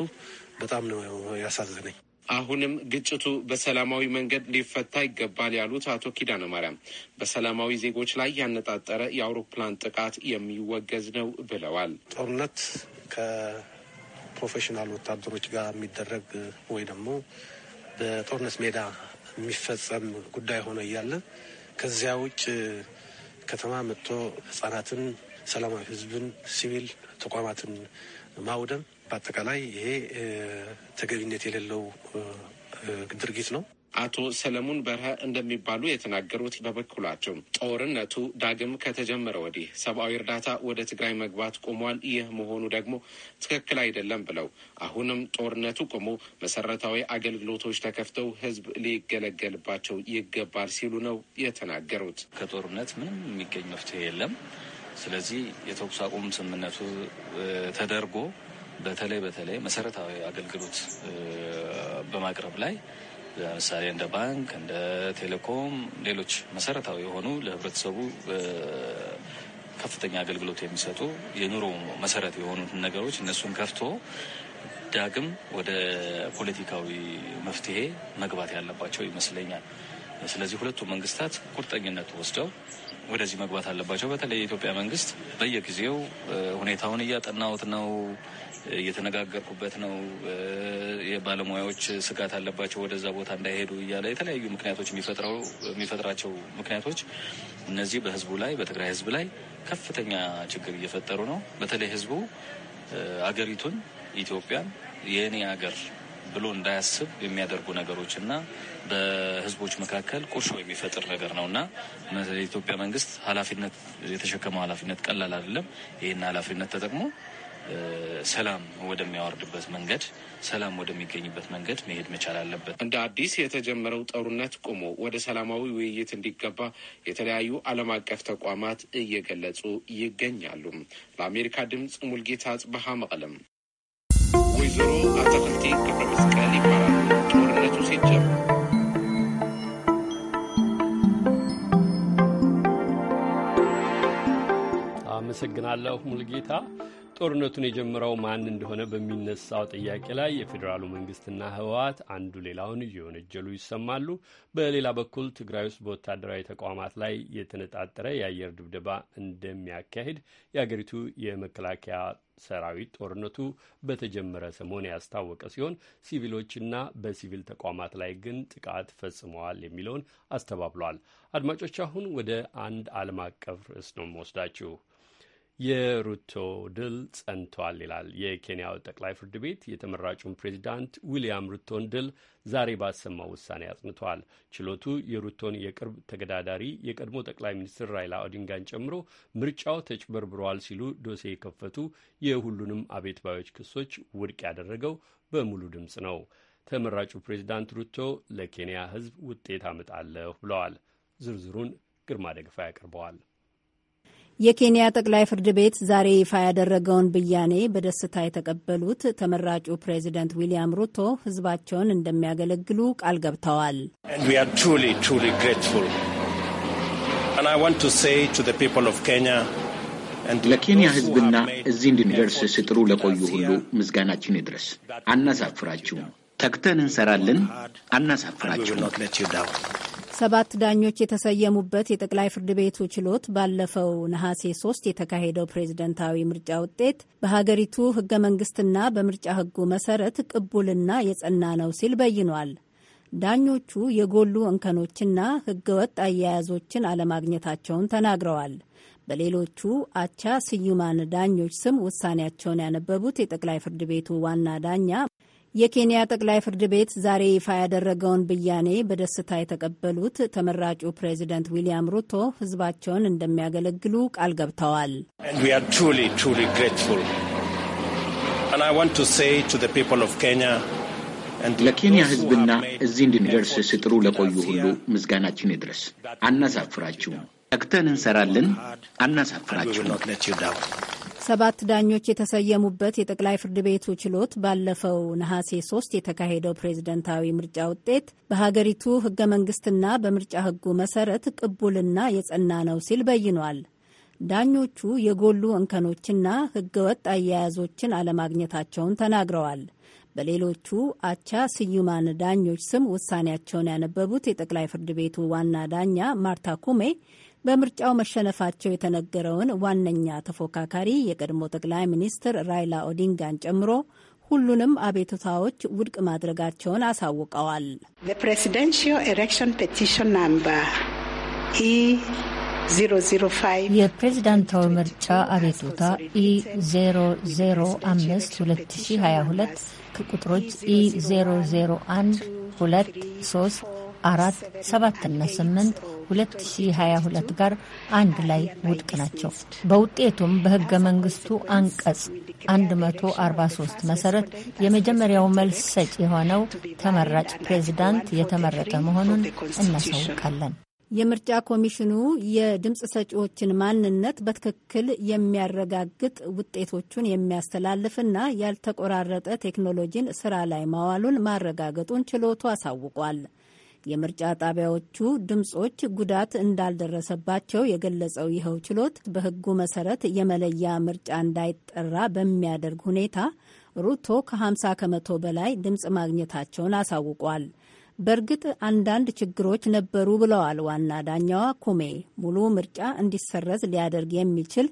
በጣም ነው ያሳዝነኝ። አሁንም ግጭቱ በሰላማዊ መንገድ ሊፈታ ይገባል ያሉት አቶ ኪዳነ ማርያም በሰላማዊ ዜጎች ላይ ያነጣጠረ የአውሮፕላን ጥቃት የሚወገዝ ነው ብለዋል። ጦርነት ከፕሮፌሽናል ወታደሮች ጋር የሚደረግ ወይ ደግሞ በጦርነት ሜዳ የሚፈጸም ጉዳይ ሆነ እያለ ከዚያ ውጭ ከተማ መጥቶ ህጻናትን፣ ሰላማዊ ህዝብን፣ ሲቪል ተቋማትን ማውደም በአጠቃላይ ይሄ ተገቢነት የሌለው ድርጊት ነው። አቶ ሰለሞን በርሀ እንደሚባሉ የተናገሩት በበኩላቸው ጦርነቱ ዳግም ከተጀመረ ወዲህ ሰብአዊ እርዳታ ወደ ትግራይ መግባት ቆሟል። ይህ መሆኑ ደግሞ ትክክል አይደለም ብለው አሁንም ጦርነቱ ቆሞ መሰረታዊ አገልግሎቶች ተከፍተው ሕዝብ ሊገለገልባቸው ይገባል ሲሉ ነው የተናገሩት። ከጦርነት ምንም የሚገኝ መፍትሄ የለም። ስለዚህ የተኩስ አቁም ስምምነቱ ተደርጎ በተለይ በተለይ መሰረታዊ አገልግሎት በማቅረብ ላይ ለምሳሌ እንደ ባንክ፣ እንደ ቴሌኮም፣ ሌሎች መሰረታዊ የሆኑ ለህብረተሰቡ ከፍተኛ አገልግሎት የሚሰጡ የኑሮ መሰረት የሆኑትን ነገሮች እነሱን ከፍቶ ዳግም ወደ ፖለቲካዊ መፍትሄ መግባት ያለባቸው ይመስለኛል። ስለዚህ ሁለቱ መንግስታት ቁርጠኝነት ወስደው ወደዚህ መግባት አለባቸው። በተለይ የኢትዮጵያ መንግስት በየጊዜው ሁኔታውን እያጠናሁት ነው፣ እየተነጋገርኩበት ነው፣ የባለሙያዎች ስጋት አለባቸው ወደዛ ቦታ እንዳይሄዱ እያለ የተለያዩ ምክንያቶች የሚፈጥራቸው ምክንያቶች እነዚህ በህዝቡ ላይ በትግራይ ህዝብ ላይ ከፍተኛ ችግር እየፈጠሩ ነው። በተለይ ህዝቡ አገሪቱን ኢትዮጵያን የእኔ አገር ብሎ እንዳያስብ የሚያደርጉ ነገሮች እና በህዝቦች መካከል ቁርሾ የሚፈጥር ነገር ነው እና የኢትዮጵያ መንግስት ኃላፊነት የተሸከመው ኃላፊነት ቀላል አይደለም። ይህን ኃላፊነት ተጠቅሞ ሰላም ወደሚያወርድበት መንገድ ሰላም ወደሚገኝበት መንገድ መሄድ መቻል አለበት። እንደ አዲስ የተጀመረው ጦርነት ቆሞ ወደ ሰላማዊ ውይይት እንዲገባ የተለያዩ ዓለም አቀፍ ተቋማት እየገለጹ ይገኛሉ። ለአሜሪካ ድምፅ ሙልጌታ አጽበሃ መቀለም። ወይዘሮ አትክልቲ ገብረ መስቀል ይባላሉ። ጦርነቱ ሲጀምር አመሰግናለሁ ሙልጌታ። ጦርነቱን የጀመረው ማን እንደሆነ በሚነሳው ጥያቄ ላይ የፌዴራሉ መንግስትና ህወሓት አንዱ ሌላውን እየወነጀሉ ይሰማሉ። በሌላ በኩል ትግራይ ውስጥ በወታደራዊ ተቋማት ላይ የተነጣጠረ የአየር ድብደባ እንደሚያካሄድ የአገሪቱ የመከላከያ ሰራዊት ጦርነቱ በተጀመረ ሰሞን ያስታወቀ ሲሆን ሲቪሎችና በሲቪል ተቋማት ላይ ግን ጥቃት ፈጽመዋል የሚለውን አስተባብሏል። አድማጮች አሁን ወደ አንድ ዓለም አቀፍ ርዕስ ነው የምወስዳችሁ። የሩቶ ድል ጸንቷል ይላል የኬንያው ጠቅላይ ፍርድ ቤት የተመራጩን ፕሬዚዳንት ዊልያም ሩቶን ድል ዛሬ ባሰማው ውሳኔ አጽንቷል። ችሎቱ የሩቶን የቅርብ ተገዳዳሪ የቀድሞ ጠቅላይ ሚኒስትር ራይላ ኦዲንጋን ጨምሮ ምርጫው ተጭበርብሯል ሲሉ ዶሴ የከፈቱ የሁሉንም አቤት ባዮች ክሶች ውድቅ ያደረገው በሙሉ ድምፅ ነው። ተመራጩ ፕሬዚዳንት ሩቶ ለኬንያ ሕዝብ ውጤት አመጣለሁ ብለዋል። ዝርዝሩን ግርማ ደግፋ ያቀርበዋል። የኬንያ ጠቅላይ ፍርድ ቤት ዛሬ ይፋ ያደረገውን ብያኔ በደስታ የተቀበሉት ተመራጩ ፕሬዚደንት ዊልያም ሩቶ ሕዝባቸውን እንደሚያገለግሉ ቃል ገብተዋል። ለኬንያ ሕዝብና እዚህ እንድንደርስ ስጥሩ ለቆዩ ሁሉ ምስጋናችን ይድረስ። አናሳፍራችሁም። ተግተን እንሰራለን። አናሳፍራችሁም። ሰባት ዳኞች የተሰየሙበት የጠቅላይ ፍርድ ቤቱ ችሎት ባለፈው ነሐሴ ሶስት የተካሄደው ፕሬዝደንታዊ ምርጫ ውጤት በሀገሪቱ ህገ መንግስትና በምርጫ ሕጉ መሰረት ቅቡልና የጸና ነው ሲል በይኗል። ዳኞቹ የጎሉ እንከኖችና ሕገወጥ አያያዞችን አለማግኘታቸውን ተናግረዋል። በሌሎቹ አቻ ስዩማን ዳኞች ስም ውሳኔያቸውን ያነበቡት የጠቅላይ ፍርድ ቤቱ ዋና ዳኛ የኬንያ ጠቅላይ ፍርድ ቤት ዛሬ ይፋ ያደረገውን ብያኔ በደስታ የተቀበሉት ተመራጩ ፕሬዚደንት ዊልያም ሩቶ ሕዝባቸውን እንደሚያገለግሉ ቃል ገብተዋል። ለኬንያ ሕዝብና እዚህ እንድንደርስ ስጥሩ ለቆዩ ሁሉ ምስጋናችን ይድረስ። አናሳፍራችሁም። ተግተን እንሰራለን። አናሳፍራችሁም። ሰባት ዳኞች የተሰየሙበት የጠቅላይ ፍርድ ቤቱ ችሎት ባለፈው ነሐሴ ሶስት የተካሄደው ፕሬዝደንታዊ ምርጫ ውጤት በሀገሪቱ ህገ መንግስትና በምርጫ ህጉ መሰረት ቅቡልና የጸና ነው ሲል በይኗል። ዳኞቹ የጎሉ እንከኖችና ህገወጥ አያያዞችን አለማግኘታቸውን ተናግረዋል። በሌሎቹ አቻ ስዩማን ዳኞች ስም ውሳኔያቸውን ያነበቡት የጠቅላይ ፍርድ ቤቱ ዋና ዳኛ ማርታ ኩሜ በምርጫው መሸነፋቸው የተነገረውን ዋነኛ ተፎካካሪ የቀድሞ ጠቅላይ ሚኒስትር ራይላ ኦዲንጋን ጨምሮ ሁሉንም አቤቱታዎች ውድቅ ማድረጋቸውን አሳውቀዋል። e የፕሬዝዳንታዊ ምርጫ አቤቱታ ኢ005 2022 e ከቁጥሮች ኢ001 3 7 እና 8 2022 ጋር አንድ ላይ ውድቅ ናቸው። በውጤቱም በህገ መንግስቱ አንቀጽ 143 መሰረት የመጀመሪያው መልስ ሰጭ የሆነው ተመራጭ ፕሬዝዳንት የተመረጠ መሆኑን እናሳውቃለን። የምርጫ ኮሚሽኑ የድምፅ ሰጪዎችን ማንነት በትክክል የሚያረጋግጥ ውጤቶቹን የሚያስተላልፍና ያልተቆራረጠ ቴክኖሎጂን ስራ ላይ ማዋሉን ማረጋገጡን ችሎቱ አሳውቋል። የምርጫ ጣቢያዎቹ ድምፆች ጉዳት እንዳልደረሰባቸው የገለጸው ይኸው ችሎት በሕጉ መሰረት የመለያ ምርጫ እንዳይጠራ በሚያደርግ ሁኔታ ሩቶ ከ50 ከመቶ በላይ ድምፅ ማግኘታቸውን አሳውቋል። በእርግጥ አንዳንድ ችግሮች ነበሩ ብለዋል ዋና ዳኛዋ ኩሜ። ሙሉ ምርጫ እንዲሰረዝ ሊያደርግ የሚችል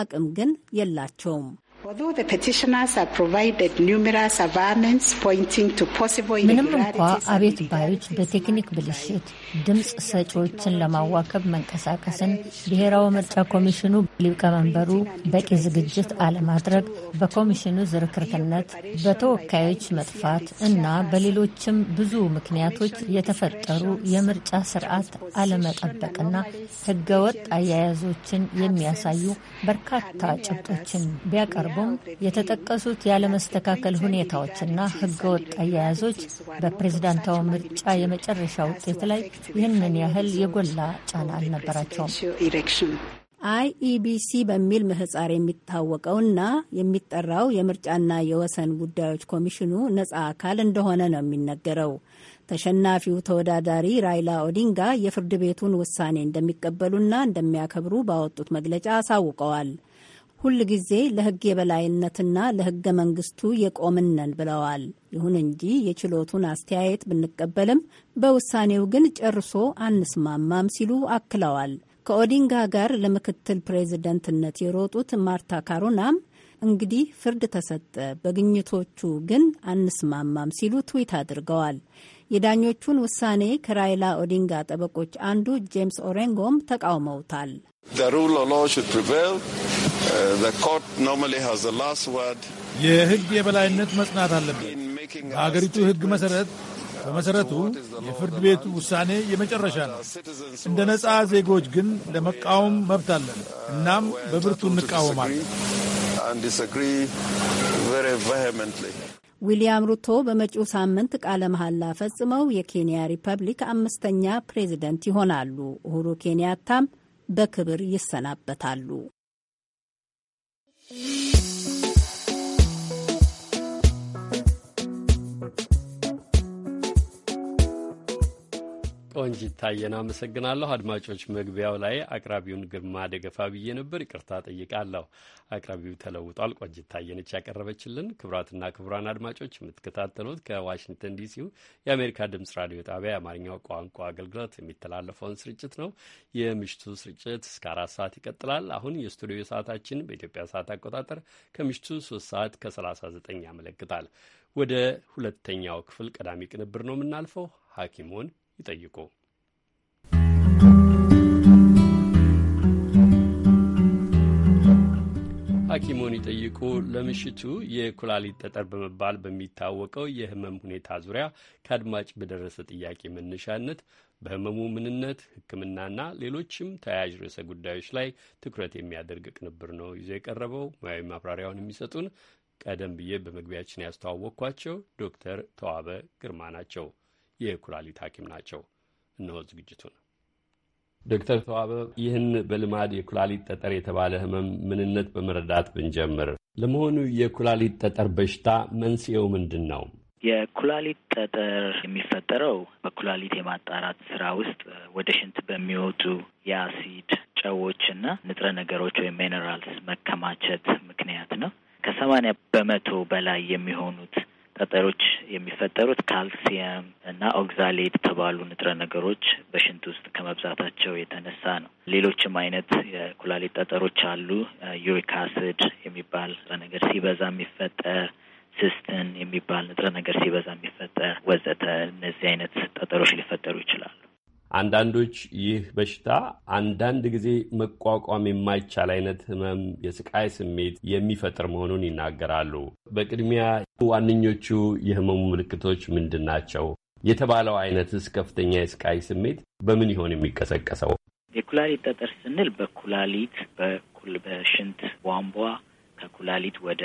አቅም ግን የላቸውም። Although the petitioners have provided numerous arguments pointing to possible irregularities, the technical bullshit. ድምፅ ሰጪዎችን ለማዋከብ መንቀሳቀስን፣ ብሔራዊ ምርጫ ኮሚሽኑ ሊቀመንበሩ በቂ ዝግጅት አለማድረግ፣ በኮሚሽኑ ዝርክርክነት፣ በተወካዮች መጥፋት እና በሌሎችም ብዙ ምክንያቶች የተፈጠሩ የምርጫ ስርዓት አለመጠበቅና ህገወጥ አያያዞችን የሚያሳዩ በርካታ ጭብጦችን ቢያቀርቡም የተጠቀሱት ያለመስተካከል ሁኔታዎችና ህገወጥ አያያዞች በፕሬዝዳንታዊ ምርጫ የመጨረሻ ውጤት ላይ ይህንን ያህል የጎላ ጫና አልነበራቸውም። አይኢቢሲ በሚል ምህጻር የሚታወቀውና የሚጠራው የምርጫና የወሰን ጉዳዮች ኮሚሽኑ ነጻ አካል እንደሆነ ነው የሚነገረው። ተሸናፊው ተወዳዳሪ ራይላ ኦዲንጋ የፍርድ ቤቱን ውሳኔ እንደሚቀበሉና እንደሚያከብሩ ባወጡት መግለጫ አሳውቀዋል። ሁል ጊዜ ለሕግ የበላይነትና ለሕገ መንግስቱ የቆምነን ብለዋል። ይሁን እንጂ የችሎቱን አስተያየት ብንቀበልም በውሳኔው ግን ጨርሶ አንስማማም ሲሉ አክለዋል። ከኦዲንጋ ጋር ለምክትል ፕሬዝደንትነት የሮጡት ማርታ ካሩናም እንግዲህ ፍርድ ተሰጠ፣ በግኝቶቹ ግን አንስማማም ሲሉ ትዊት አድርገዋል። የዳኞቹን ውሳኔ ከራይላ ኦዲንጋ ጠበቆች አንዱ ጄምስ ኦሬንጎም ተቃውመውታል። uh, የህግ የበላይነት መጽናት አለበት። በአገሪቱ ህግ መሠረት በመሠረቱ የፍርድ ቤቱ ውሳኔ የመጨረሻ ነው። እንደ ነጻ ዜጎች ግን ለመቃወም መብት አለን። እናም uh, በብርቱ እንቃወማለን። ዊልያም ሩቶ በመጪው ሳምንት ቃለ መሐላ ፈጽመው የኬንያ ሪፐብሊክ አምስተኛ ፕሬዚደንት ይሆናሉ። ኡሁሩ ኬንያታም በክብር ይሰናበታሉ። ቆንጅ ይታየን አመሰግናለሁ። አድማጮች መግቢያው ላይ አቅራቢውን ግርማ ደገፋ ብዬ ነበር፣ ይቅርታ ጠይቃለሁ። አቅራቢው ተለውጧል። ቆንጅ ይታየነች ያቀረበችልን። ክቡራትና ክቡራን አድማጮች የምትከታተሉት ከዋሽንግተን ዲሲው የአሜሪካ ድምጽ ራዲዮ ጣቢያ የአማርኛው ቋንቋ አገልግሎት የሚተላለፈውን ስርጭት ነው። የምሽቱ ስርጭት እስከ አራት ሰዓት ይቀጥላል። አሁን የስቱዲዮ ሰዓታችን በኢትዮጵያ ሰዓት አቆጣጠር ከምሽቱ ሶስት ሰዓት ከሰላሳ ዘጠኝ ያመለክታል። ወደ ሁለተኛው ክፍል ቀዳሚ ቅንብር ነው የምናልፈው ሐኪሙን ይጠይቁ። ሐኪሙን ይጠይቁ ለምሽቱ የኩላሊት ጠጠር በመባል በሚታወቀው የህመም ሁኔታ ዙሪያ ከአድማጭ በደረሰ ጥያቄ መነሻነት በህመሙ ምንነት፣ ሕክምናና ሌሎችም ተያያዥ ርዕሰ ጉዳዮች ላይ ትኩረት የሚያደርግ ቅንብር ነው ይዞ የቀረበው። ሙያዊ ማብራሪያውን የሚሰጡን ቀደም ብዬ በመግቢያችን ያስተዋወቅኳቸው ዶክተር ተዋበ ግርማ ናቸው። የኩላሊት ሐኪም ናቸው። እነሆ ዝግጅቱ ዶክተር ተዋበ ይህን በልማድ የኩላሊት ጠጠር የተባለ ህመም ምንነት በመረዳት ብንጀምር፣ ለመሆኑ የኩላሊት ጠጠር በሽታ መንስኤው ምንድን ነው? የኩላሊት ጠጠር የሚፈጠረው በኩላሊት የማጣራት ስራ ውስጥ ወደ ሽንት በሚወጡ የአሲድ ጨዎችና ንጥረ ነገሮች ወይም ሚኔራልስ መከማቸት ምክንያት ነው። ከሰማኒያ በመቶ በላይ የሚሆኑት ጠጠሮች የሚፈጠሩት ካልሲየም እና ኦግዛሌት የተባሉ ንጥረ ነገሮች በሽንት ውስጥ ከመብዛታቸው የተነሳ ነው። ሌሎችም አይነት የኩላሊት ጠጠሮች አሉ። ዩሪክ አሲድ የሚባል ነገር ሲበዛ የሚፈጠር ስስትን የሚባል ንጥረ ነገር ሲበዛ የሚፈጠር ወዘተ። እነዚህ አይነት ጠጠሮች ሊፈጠሩ ይችላሉ። አንዳንዶች ይህ በሽታ አንዳንድ ጊዜ መቋቋም የማይቻል አይነት ህመም፣ የስቃይ ስሜት የሚፈጥር መሆኑን ይናገራሉ። በቅድሚያ ዋነኞቹ የህመሙ ምልክቶች ምንድን ናቸው? የተባለው አይነትስ ከፍተኛ የስቃይ ስሜት በምን ይሆን የሚቀሰቀሰው? የኩላሊት ጠጠር ስንል በኩላሊት በኩል በሽንት ቧንቧ ከኩላሊት ወደ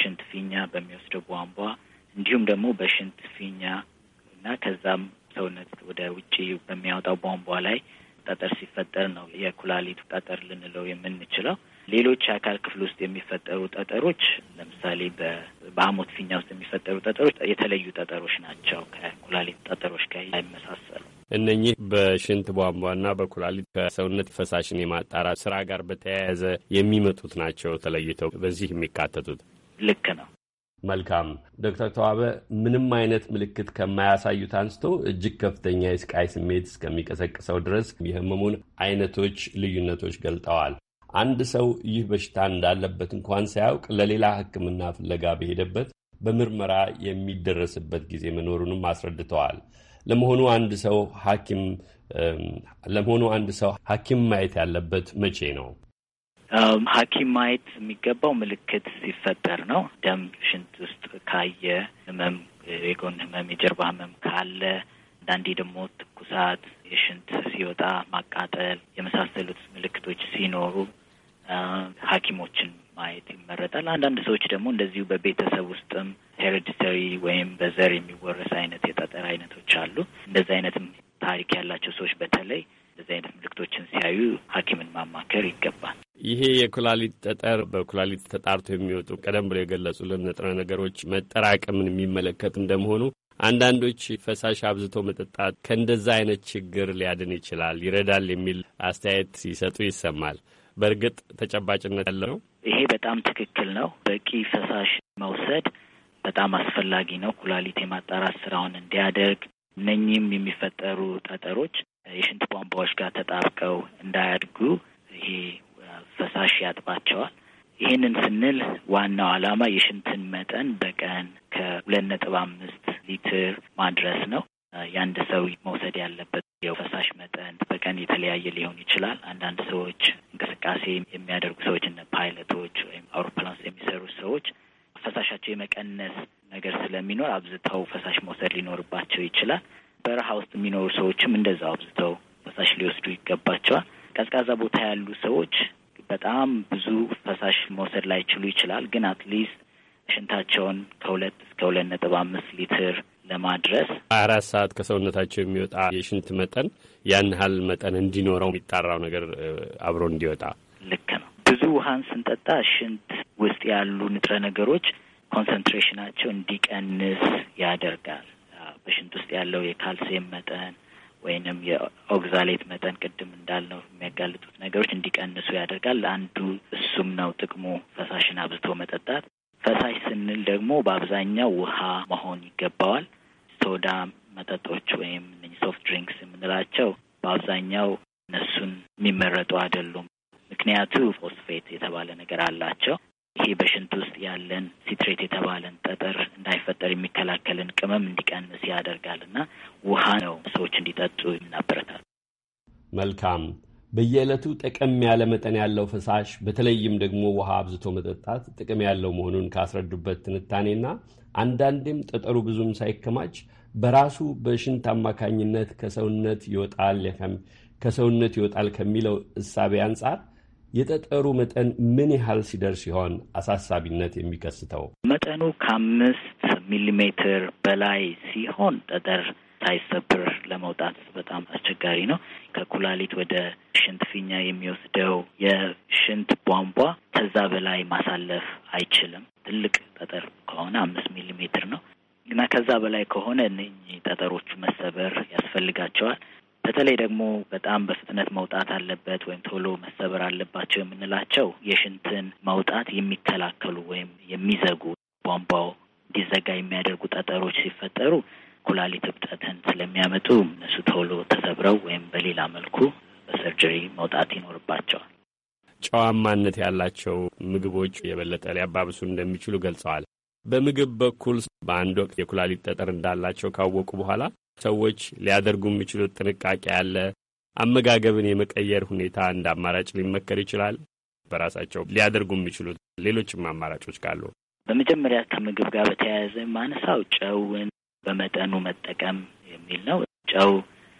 ሽንት ፊኛ በሚወስደው ቧንቧ እንዲሁም ደግሞ በሽንት ፊኛ እና ከዛም ሰውነት ወደ ውጭ በሚያወጣው ቧንቧ ላይ ጠጠር ሲፈጠር ነው የኩላሊቱ ጠጠር ልንለው የምንችለው። ሌሎች የአካል ክፍል ውስጥ የሚፈጠሩ ጠጠሮች ለምሳሌ በአሞት ፊኛ ውስጥ የሚፈጠሩ ጠጠሮች የተለዩ ጠጠሮች ናቸው። ከኩላሊት ጠጠሮች ጋር አይመሳሰሉ። እነኚህ በሽንት ቧንቧና በኩላሊት ከሰውነት ፈሳሽን የማጣራት ስራ ጋር በተያያዘ የሚመጡት ናቸው ተለይተው በዚህ የሚካተቱት። ልክ ነው። መልካም ዶክተር ተዋበ ምንም አይነት ምልክት ከማያሳዩት አንስቶ እጅግ ከፍተኛ የስቃይ ስሜት እስከሚቀሰቅሰው ድረስ የህመሙን አይነቶች፣ ልዩነቶች ገልጠዋል። አንድ ሰው ይህ በሽታ እንዳለበት እንኳን ሳያውቅ ለሌላ ሕክምና ፍለጋ በሄደበት በምርመራ የሚደረስበት ጊዜ መኖሩንም አስረድተዋል። ለመሆኑ አንድ ሰው ሐኪም ለመሆኑ አንድ ሰው ሐኪም ማየት ያለበት መቼ ነው? ሐኪም ማየት የሚገባው ምልክት ሲፈጠር ነው። ደም ሽንት ውስጥ ካየ ህመም፣ የጎን ህመም፣ የጀርባ ህመም ካለ አንዳንዴ ደግሞ ትኩሳት፣ የሽንት ሲወጣ ማቃጠል የመሳሰሉት ምልክቶች ሲኖሩ ሐኪሞችን ማየት ይመረጣል። አንዳንድ ሰዎች ደግሞ እንደዚሁ በቤተሰብ ውስጥም ሄሬዲተሪ ወይም በዘር የሚወረስ አይነት የጠጠር አይነቶች አሉ። እንደዚህ አይነትም ታሪክ ያላቸው ሰዎች በተለይ እንደዚህ አይነት ምልክቶችን ሲያዩ ሐኪምን ማማከር ይገባል። ይሄ የኩላሊት ጠጠር በኩላሊት ተጣርቶ የሚወጡ ቀደም ብሎ የገለጹልን ንጥረ ነገሮች መጠራቅምን የሚመለከት እንደመሆኑ አንዳንዶች ፈሳሽ አብዝቶ መጠጣት ከእንደዛ አይነት ችግር ሊያድን ይችላል፣ ይረዳል የሚል አስተያየት ሲሰጡ ይሰማል። በእርግጥ ተጨባጭነት ያለው ነው? ይሄ በጣም ትክክል ነው። በቂ ፈሳሽ መውሰድ በጣም አስፈላጊ ነው። ኩላሊት የማጣራት ስራውን እንዲያደርግ እነኚህም የሚፈጠሩ ጠጠሮች የሽንት ቧንቧዎች ጋር ተጣብቀው እንዳያድጉ ይሄ ፈሳሽ ያጥባቸዋል። ይህንን ስንል ዋናው ዓላማ የሽንትን መጠን በቀን ከሁለት ነጥብ አምስት ሊትር ማድረስ ነው። የአንድ ሰው መውሰድ ያለበት የፈሳሽ መጠን በቀን የተለያየ ሊሆን ይችላል። አንዳንድ ሰዎች እንቅስቃሴ የሚያደርጉ ሰዎች እነ ፓይለቶች ወይም አውሮፕላን የሚሰሩ ሰዎች ፈሳሻቸው የመቀነስ ነገር ስለሚኖር አብዝተው ፈሳሽ መውሰድ ሊኖርባቸው ይችላል። በረሃ ውስጥ የሚኖሩ ሰዎችም እንደዛው አብዝተው ፈሳሽ ሊወስዱ ይገባቸዋል። ቀዝቃዛ ቦታ ያሉ ሰዎች በጣም ብዙ ፈሳሽ መውሰድ ላይችሉ ይችላል። ግን አትሊስት ሽንታቸውን ከሁለት እስከ ሁለት ነጥብ አምስት ሊትር ለማድረስ ሀያ አራት ሰዓት ከሰውነታቸው የሚወጣ የሽንት መጠን ያን ያህል መጠን እንዲኖረው የሚጣራው ነገር አብሮ እንዲወጣ ልክ ነው። ብዙ ውሃን ስንጠጣ ሽንት ውስጥ ያሉ ንጥረ ነገሮች ኮንሰንትሬሽናቸው እንዲቀንስ ያደርጋል። በሽንት ውስጥ ያለው የካልሲየም መጠን ወይንም የኦግዛሌት መጠን ቅድም እንዳልነው የሚያጋልጡት ነገሮች እንዲቀንሱ ያደርጋል። አንዱ እሱም ነው ጥቅሙ ፈሳሽን አብዝቶ መጠጣት። ፈሳሽ ስንል ደግሞ በአብዛኛው ውሃ መሆን ይገባዋል። ሶዳ መጠጦች ወይም ሶፍት ድሪንክስ የምንላቸው በአብዛኛው እነሱን የሚመረጡ አይደሉም። ምክንያቱ ፎስፌት የተባለ ነገር አላቸው። ይሄ በሽንት ውስጥ ያለን ሲትሬት የተባለን ጠጠር እንዳይፈጠር የሚከላከልን ቅመም እንዲቀንስ ያደርጋል እና ውሃ ነው ሰዎች እንዲጠጡ የምናበረታል። መልካም። በየዕለቱ ጠቀም ያለ መጠን ያለው ፈሳሽ በተለይም ደግሞ ውሃ አብዝቶ መጠጣት ጥቅም ያለው መሆኑን ካስረዱበት ትንታኔና አንዳንዴም ጠጠሩ ብዙም ሳይከማች በራሱ በሽንት አማካኝነት ከሰውነት ይወጣል ከሰውነት ይወጣል ከሚለው እሳቤ አንጻር የጠጠሩ መጠን ምን ያህል ሲደርስ ሲሆን አሳሳቢነት የሚከስተው? መጠኑ ከአምስት ሚሊሜትር በላይ ሲሆን ጠጠር ሳይሰብር ለመውጣት በጣም አስቸጋሪ ነው። ከኩላሊት ወደ ሽንት ፊኛ የሚወስደው የሽንት ቧንቧ ከዛ በላይ ማሳለፍ አይችልም። ትልቅ ጠጠር ከሆነ አምስት ሚሊሜትር ነው እና ከዛ በላይ ከሆነ እነኚህ ጠጠሮቹ መሰበር ያስፈልጋቸዋል። በተለይ ደግሞ በጣም በፍጥነት መውጣት አለበት ወይም ቶሎ መሰበር አለባቸው የምንላቸው የሽንትን መውጣት የሚከላከሉ ወይም የሚዘጉ ቧንቧው እንዲዘጋ የሚያደርጉ ጠጠሮች ሲፈጠሩ ኩላሊት እብጠትን ስለሚያመጡ እነሱ ቶሎ ተሰብረው ወይም በሌላ መልኩ በሰርጀሪ መውጣት ይኖርባቸዋል። ጨዋማነት ያላቸው ምግቦች የበለጠ ሊያባብሱ እንደሚችሉ ገልጸዋል። በምግብ በኩል በአንድ ወቅት የኩላሊት ጠጠር እንዳላቸው ካወቁ በኋላ ሰዎች ሊያደርጉ የሚችሉት ጥንቃቄ አለ። አመጋገብን የመቀየር ሁኔታ እንደ አማራጭ ሊመከር ይችላል። በራሳቸው ሊያደርጉ የሚችሉት ሌሎችም አማራጮች ካሉ በመጀመሪያ ከምግብ ጋር በተያያዘ ማነሳው ጨውን በመጠኑ መጠቀም የሚል ነው። ጨው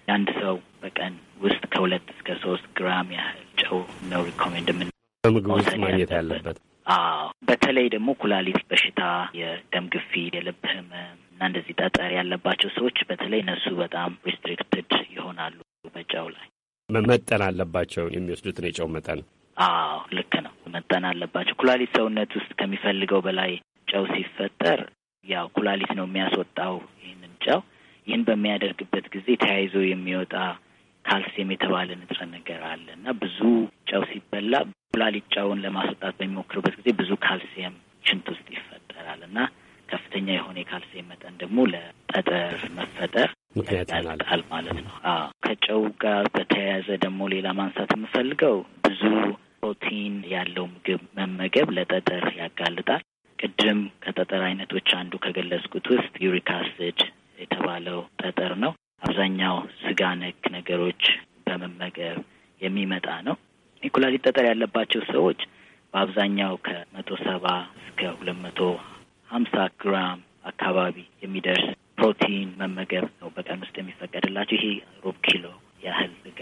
የአንድ ሰው በቀን ውስጥ ከሁለት እስከ ሶስት ግራም ያህል ጨው ነው ሪኮሜንድ የምን በምግብ ውስጥ ማግኘት ያለበት። አዎ በተለይ ደግሞ ኩላሊት በሽታ፣ የደም ግፊት፣ የልብ ህመም እና እንደዚህ ጠጠር ያለባቸው ሰዎች በተለይ እነሱ በጣም ሪስትሪክትድ ይሆናሉ በጨው ላይ መመጠን አለባቸው የሚወስዱትን የጨው መጠን። አዎ ልክ ነው፣ መጠን አለባቸው። ኩላሊት ሰውነት ውስጥ ከሚፈልገው በላይ ጨው ሲፈጠር ያው ኩላሊት ነው የሚያስወጣው ይህንን ጨው። ይህን በሚያደርግበት ጊዜ ተያይዞ የሚወጣ ካልሲየም የተባለ ንጥረ ነገር አለ እና ብዙ ጨው ሲበላ ኩላሊት ጨውን ለማስወጣት በሚሞክርበት ጊዜ ብዙ ካልሲየም ሽንት ውስጥ ይፈጠራል እና ከፍተኛ የሆነ የካልሲየም መጠን ደግሞ ለጠጠር መፈጠር ያጋልጣል ማለት ነው። ከጨው ጋር በተያያዘ ደግሞ ሌላ ማንሳት የምፈልገው ብዙ ፕሮቲን ያለው ምግብ መመገብ ለጠጠር ያጋልጣል። ቅድም ከጠጠር አይነቶች አንዱ ከገለጽኩት ውስጥ ዩሪክ አሲድ የተባለው ጠጠር ነው። አብዛኛው ስጋ ነክ ነገሮች በመመገብ የሚመጣ ነው። የኩላሊት ጠጠር ያለባቸው ሰዎች በአብዛኛው ከመቶ ሰባ እስከ ሁለት መቶ ሀምሳ ግራም አካባቢ የሚደርስ ፕሮቲን መመገብ ነው በቀን ውስጥ የሚፈቀድላቸው። ይሄ ሩብ ኪሎ ያህል ስጋ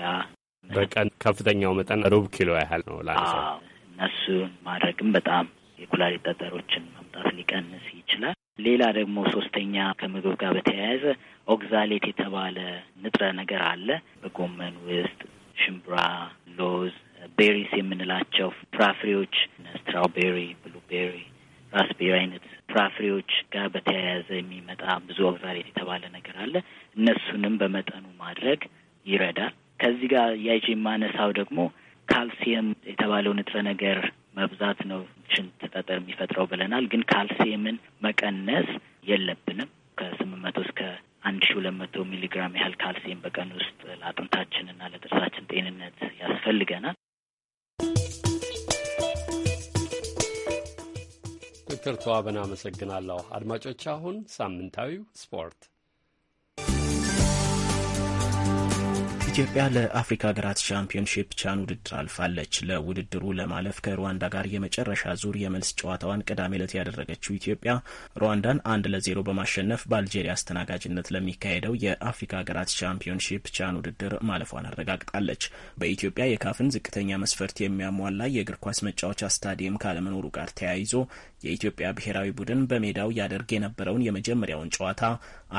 በቀን ከፍተኛው መጠን ሩብ ኪሎ ያህል ነው እነሱን ማድረግም በጣም የኩላሊት ጠጠሮችን መምጣት ሊቀንስ ይችላል። ሌላ ደግሞ ሶስተኛ ከምግብ ጋር በተያያዘ ኦግዛሌት የተባለ ንጥረ ነገር አለ በጎመን ውስጥ ሽምብራ፣ ሎዝ፣ ቤሪስ የምንላቸው ፍራፍሬዎች ስትራውቤሪ፣ ብሉቤሪ፣ ራስቤሪ አይነት ፍራፍሬዎች ጋር በተያያዘ የሚመጣ ብዙ ኦግዛሬት የተባለ ነገር አለ። እነሱንም በመጠኑ ማድረግ ይረዳል። ከዚህ ጋር ያይዤ የማነሳው ደግሞ ካልሲየም የተባለው ንጥረ ነገር መብዛት ነው ሽንት ጠጠር የሚፈጥረው ብለናል። ግን ካልሲየምን መቀነስ የለብንም። ከስምንት መቶ እስከ አንድ ሺ ሁለት መቶ ሚሊግራም ያህል ካልሲየም በቀን ውስጥ ለአጥንታችንና ለጥርሳችን ጤንነት ያስፈልገናል። ዶክተር ተዋበን አመሰግናለሁ። አድማጮች፣ አሁን ሳምንታዊው ስፖርት ኢትዮጵያ ለአፍሪካ ሀገራት ሻምፒዮንሺፕ ቻን ውድድር አልፋለች። ለውድድሩ ለማለፍ ከሩዋንዳ ጋር የመጨረሻ ዙር የመልስ ጨዋታዋን ቅዳሜ ዕለት ያደረገችው ኢትዮጵያ ሩዋንዳን አንድ ለዜሮ በማሸነፍ በአልጄሪያ አስተናጋጅነት ለሚካሄደው የአፍሪካ ሀገራት ሻምፒዮንሺፕ ቻን ውድድር ማለፏን አረጋግጣለች። በኢትዮጵያ የካፍን ዝቅተኛ መስፈርት የሚያሟላ የእግር ኳስ መጫወቻ ስታዲየም ካለመኖሩ ጋር ተያይዞ የኢትዮጵያ ብሔራዊ ቡድን በሜዳው ያደርግ የነበረውን የመጀመሪያውን ጨዋታ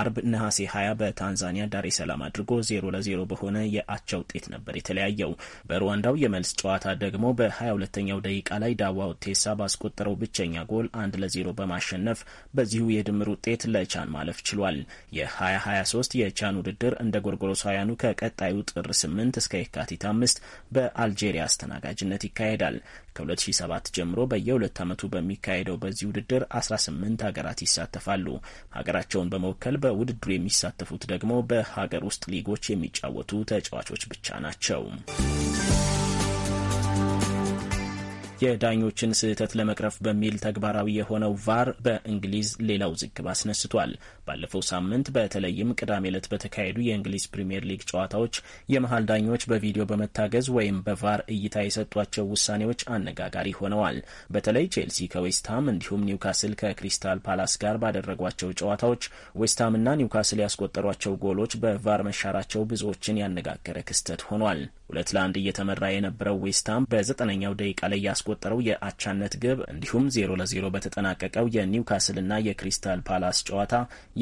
አርብ ነሐሴ 20 በታንዛኒያ ዳሬ ሰላም አድርጎ ዜሮ ለዜሮ በሆነ የአቻ ውጤት ነበር የተለያየው። በሩዋንዳው የመልስ ጨዋታ ደግሞ በ22ኛው ደቂቃ ላይ ዳዋ ቴሳ ባስቆጠረው ብቸኛ ጎል አንድ ለዜሮ በማሸነፍ በዚሁ የድምር ውጤት ለቻን ማለፍ ችሏል። የ2023 የቻን ውድድር እንደ ጎርጎሮሳውያኑ ከቀጣዩ ጥር 8 እስከ የካቲት አምስት በአልጄሪያ አስተናጋጅነት ይካሄዳል። ከ2007 ጀምሮ በየሁለት ዓመቱ በሚካሄደው በዚህ ውድድር 18 ሀገራት ይሳተፋሉ። ሀገራቸውን በመወከል በውድድሩ የሚሳተፉት ደግሞ በሀገር ውስጥ ሊጎች የሚጫወቱ ተጫዋቾች ብቻ ናቸው። የዳኞችን ስህተት ለመቅረፍ በሚል ተግባራዊ የሆነው ቫር በእንግሊዝ ሌላው ዝግብ አስነስቷል። ባለፈው ሳምንት በተለይም ቅዳሜ ዕለት በተካሄዱ የእንግሊዝ ፕሪምየር ሊግ ጨዋታዎች የመሀል ዳኞች በቪዲዮ በመታገዝ ወይም በቫር እይታ የሰጧቸው ውሳኔዎች አነጋጋሪ ሆነዋል። በተለይ ቼልሲ ከዌስትሃም እንዲሁም ኒውካስል ከክሪስታል ፓላስ ጋር ባደረጓቸው ጨዋታዎች ዌስትሃምና ኒውካስል ያስቆጠሯቸው ጎሎች በቫር መሻራቸው ብዙዎችን ያነጋገረ ክስተት ሆኗል። ሁለት ለአንድ እየተመራ የነበረው ዌስትሃም በዘጠነኛው ደቂቃ ላይ ያስቆጠረው የአቻነት ግብ እንዲሁም ዜሮ ለዜሮ በተጠናቀቀው የኒውካስልና የክሪስታል ፓላስ ጨዋታ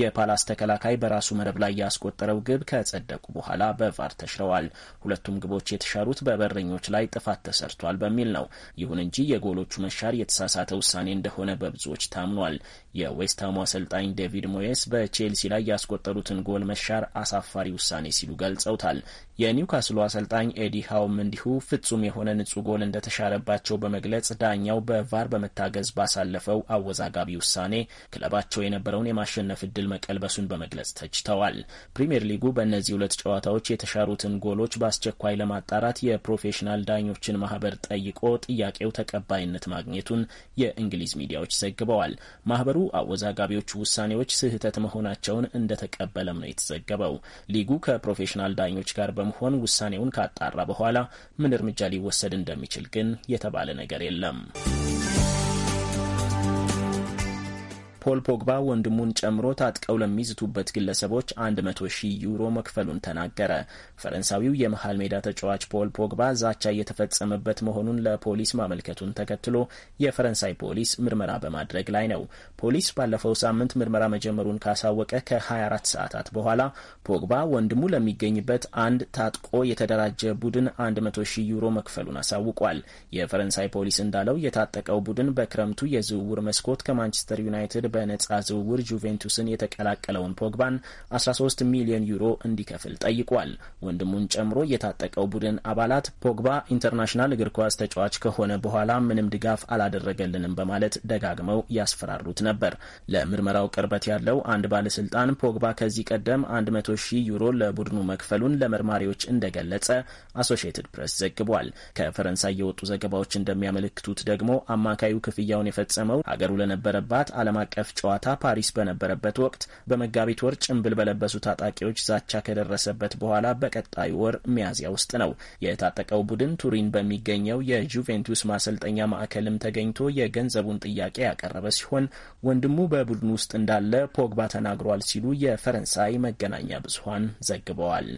የፓላስ ተከላካይ በራሱ መረብ ላይ ያስቆጠረው ግብ ከጸደቁ በኋላ በቫር ተሽረዋል። ሁለቱም ግቦች የተሻሩት በበረኞች ላይ ጥፋት ተሰርቷል በሚል ነው። ይሁን እንጂ የጎሎቹ መሻር የተሳሳተ ውሳኔ እንደሆነ በብዙዎች ታምኗል። የዌስትሃሙ አሰልጣኝ ዴቪድ ሞየስ በቼልሲ ላይ ያስቆጠሩትን ጎል መሻር አሳፋሪ ውሳኔ ሲሉ ገልጸውታል። የኒውካስሉ አሰልጣኝ ኤዲ ሃውም እንዲሁ ፍጹም የሆነ ንጹህ ጎል እንደተሻረባቸው በመግለጽ ዳኛው በቫር በመታገዝ ባሳለፈው አወዛጋቢ ውሳኔ ክለባቸው የነበረውን የማሸነፍ እድል መቀልበሱን በመግለጽ ተችተዋል። ፕሪምየር ሊጉ በእነዚህ ሁለት ጨዋታዎች የተሻሩትን ጎሎች በአስቸኳይ ለማጣራት የፕሮፌሽናል ዳኞችን ማህበር ጠይቆ ጥያቄው ተቀባይነት ማግኘቱን የእንግሊዝ ሚዲያዎች ዘግበዋል። ማህበሩ አወዛጋቢዎቹ ውሳኔዎች ስህተት መሆናቸውን እንደተቀበለም ነው የተዘገበው። ሊጉ ከፕሮፌሽናል ዳኞች ጋር በመሆን ውሳኔውን ካጣራ በኋላ ምን እርምጃ ሊወሰድ እንደሚችል ግን የተባለ ነገር የለም። ፖል ፖግባ ወንድሙን ጨምሮ ታጥቀው ለሚዝቱበት ግለሰቦች 100 ሺህ ዩሮ መክፈሉን ተናገረ። ፈረንሳዊው የመሃል ሜዳ ተጫዋች ፖል ፖግባ ዛቻ እየተፈጸመበት መሆኑን ለፖሊስ ማመልከቱን ተከትሎ የፈረንሳይ ፖሊስ ምርመራ በማድረግ ላይ ነው። ፖሊስ ባለፈው ሳምንት ምርመራ መጀመሩን ካሳወቀ ከ24 ሰዓታት በኋላ ፖግባ ወንድሙ ለሚገኝበት አንድ ታጥቆ የተደራጀ ቡድን 100 ዩሮ መክፈሉን አሳውቋል። የፈረንሳይ ፖሊስ እንዳለው የታጠቀው ቡድን በክረምቱ የዝውውር መስኮት ከማንቸስተር ዩናይትድ በነጻ ዝውውር ጁቬንቱስን የተቀላቀለውን ፖግባን 13 ሚሊዮን ዩሮ እንዲከፍል ጠይቋል። ወንድሙን ጨምሮ የታጠቀው ቡድን አባላት ፖግባ ኢንተርናሽናል እግር ኳስ ተጫዋች ከሆነ በኋላ ምንም ድጋፍ አላደረገልንም በማለት ደጋግመው ያስፈራሩት ነበር። ነበር። ለምርመራው ቅርበት ያለው አንድ ባለስልጣን ፖግባ ከዚህ ቀደም 100 ሺህ ዩሮ ለቡድኑ መክፈሉን ለመርማሪዎች እንደገለጸ አሶሺየትድ ፕሬስ ዘግቧል። ከፈረንሳይ የወጡ ዘገባዎች እንደሚያመለክቱት ደግሞ አማካዩ ክፍያውን የፈጸመው ሀገሩ ለነበረባት ዓለም አቀፍ ጨዋታ ፓሪስ በነበረበት ወቅት በመጋቢት ወር ጭንብል በለበሱ ታጣቂዎች ዛቻ ከደረሰበት በኋላ በቀጣዩ ወር ሚያዝያ ውስጥ ነው። የታጠቀው ቡድን ቱሪን በሚገኘው የጁቬንቱስ ማሰልጠኛ ማዕከልም ተገኝቶ የገንዘቡን ጥያቄ ያቀረበ ሲሆን ወንድሙ በቡድን ውስጥ እንዳለ ፖግባ ተናግሯል ሲሉ የፈረንሳይ መገናኛ ብዙሀን ዘግበዋል።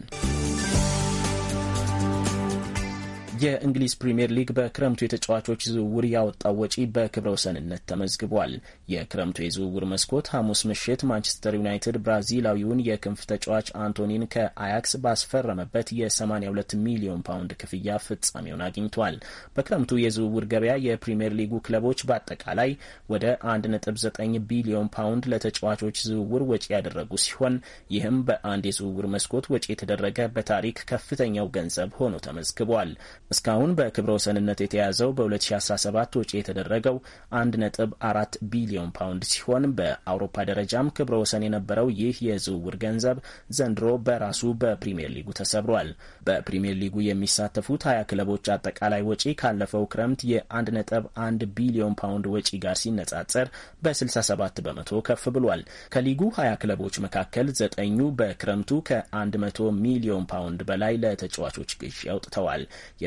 የእንግሊዝ ፕሪምየር ሊግ በክረምቱ የተጫዋቾች ዝውውር ያወጣው ወጪ በክብረ ወሰንነት ተመዝግቧል። የክረምቱ የዝውውር መስኮት ሐሙስ ምሽት ማንቸስተር ዩናይትድ ብራዚላዊውን የክንፍ ተጫዋች አንቶኒን ከአያክስ ባስፈረመበት የ82 ሚሊዮን ፓውንድ ክፍያ ፍጻሜውን አግኝቷል። በክረምቱ የዝውውር ገበያ የፕሪምየር ሊጉ ክለቦች በአጠቃላይ ወደ 1.9 ቢሊዮን ፓውንድ ለተጫዋቾች ዝውውር ወጪ ያደረጉ ሲሆን ይህም በአንድ የዝውውር መስኮት ወጪ የተደረገ በታሪክ ከፍተኛው ገንዘብ ሆኖ ተመዝግቧል። እስካሁን በክብረ ወሰንነት የተያዘው በ2017 ወጪ የተደረገው 1.4 ቢሊዮን ፓውንድ ሲሆን በአውሮፓ ደረጃም ክብረ ወሰን የነበረው ይህ የዝውውር ገንዘብ ዘንድሮ በራሱ በፕሪምየር ሊጉ ተሰብሯል። በፕሪምየር ሊጉ የሚሳተፉት ሀያ ክለቦች አጠቃላይ ወጪ ካለፈው ክረምት የ1.1 ቢሊዮን ፓውንድ ወጪ ጋር ሲነጻጸር በ67 በመቶ ከፍ ብሏል። ከሊጉ ሀያ ክለቦች መካከል ዘጠኙ በክረምቱ ከ100 ሚሊዮን ፓውንድ በላይ ለተጫዋቾች ግዢ አውጥተዋል።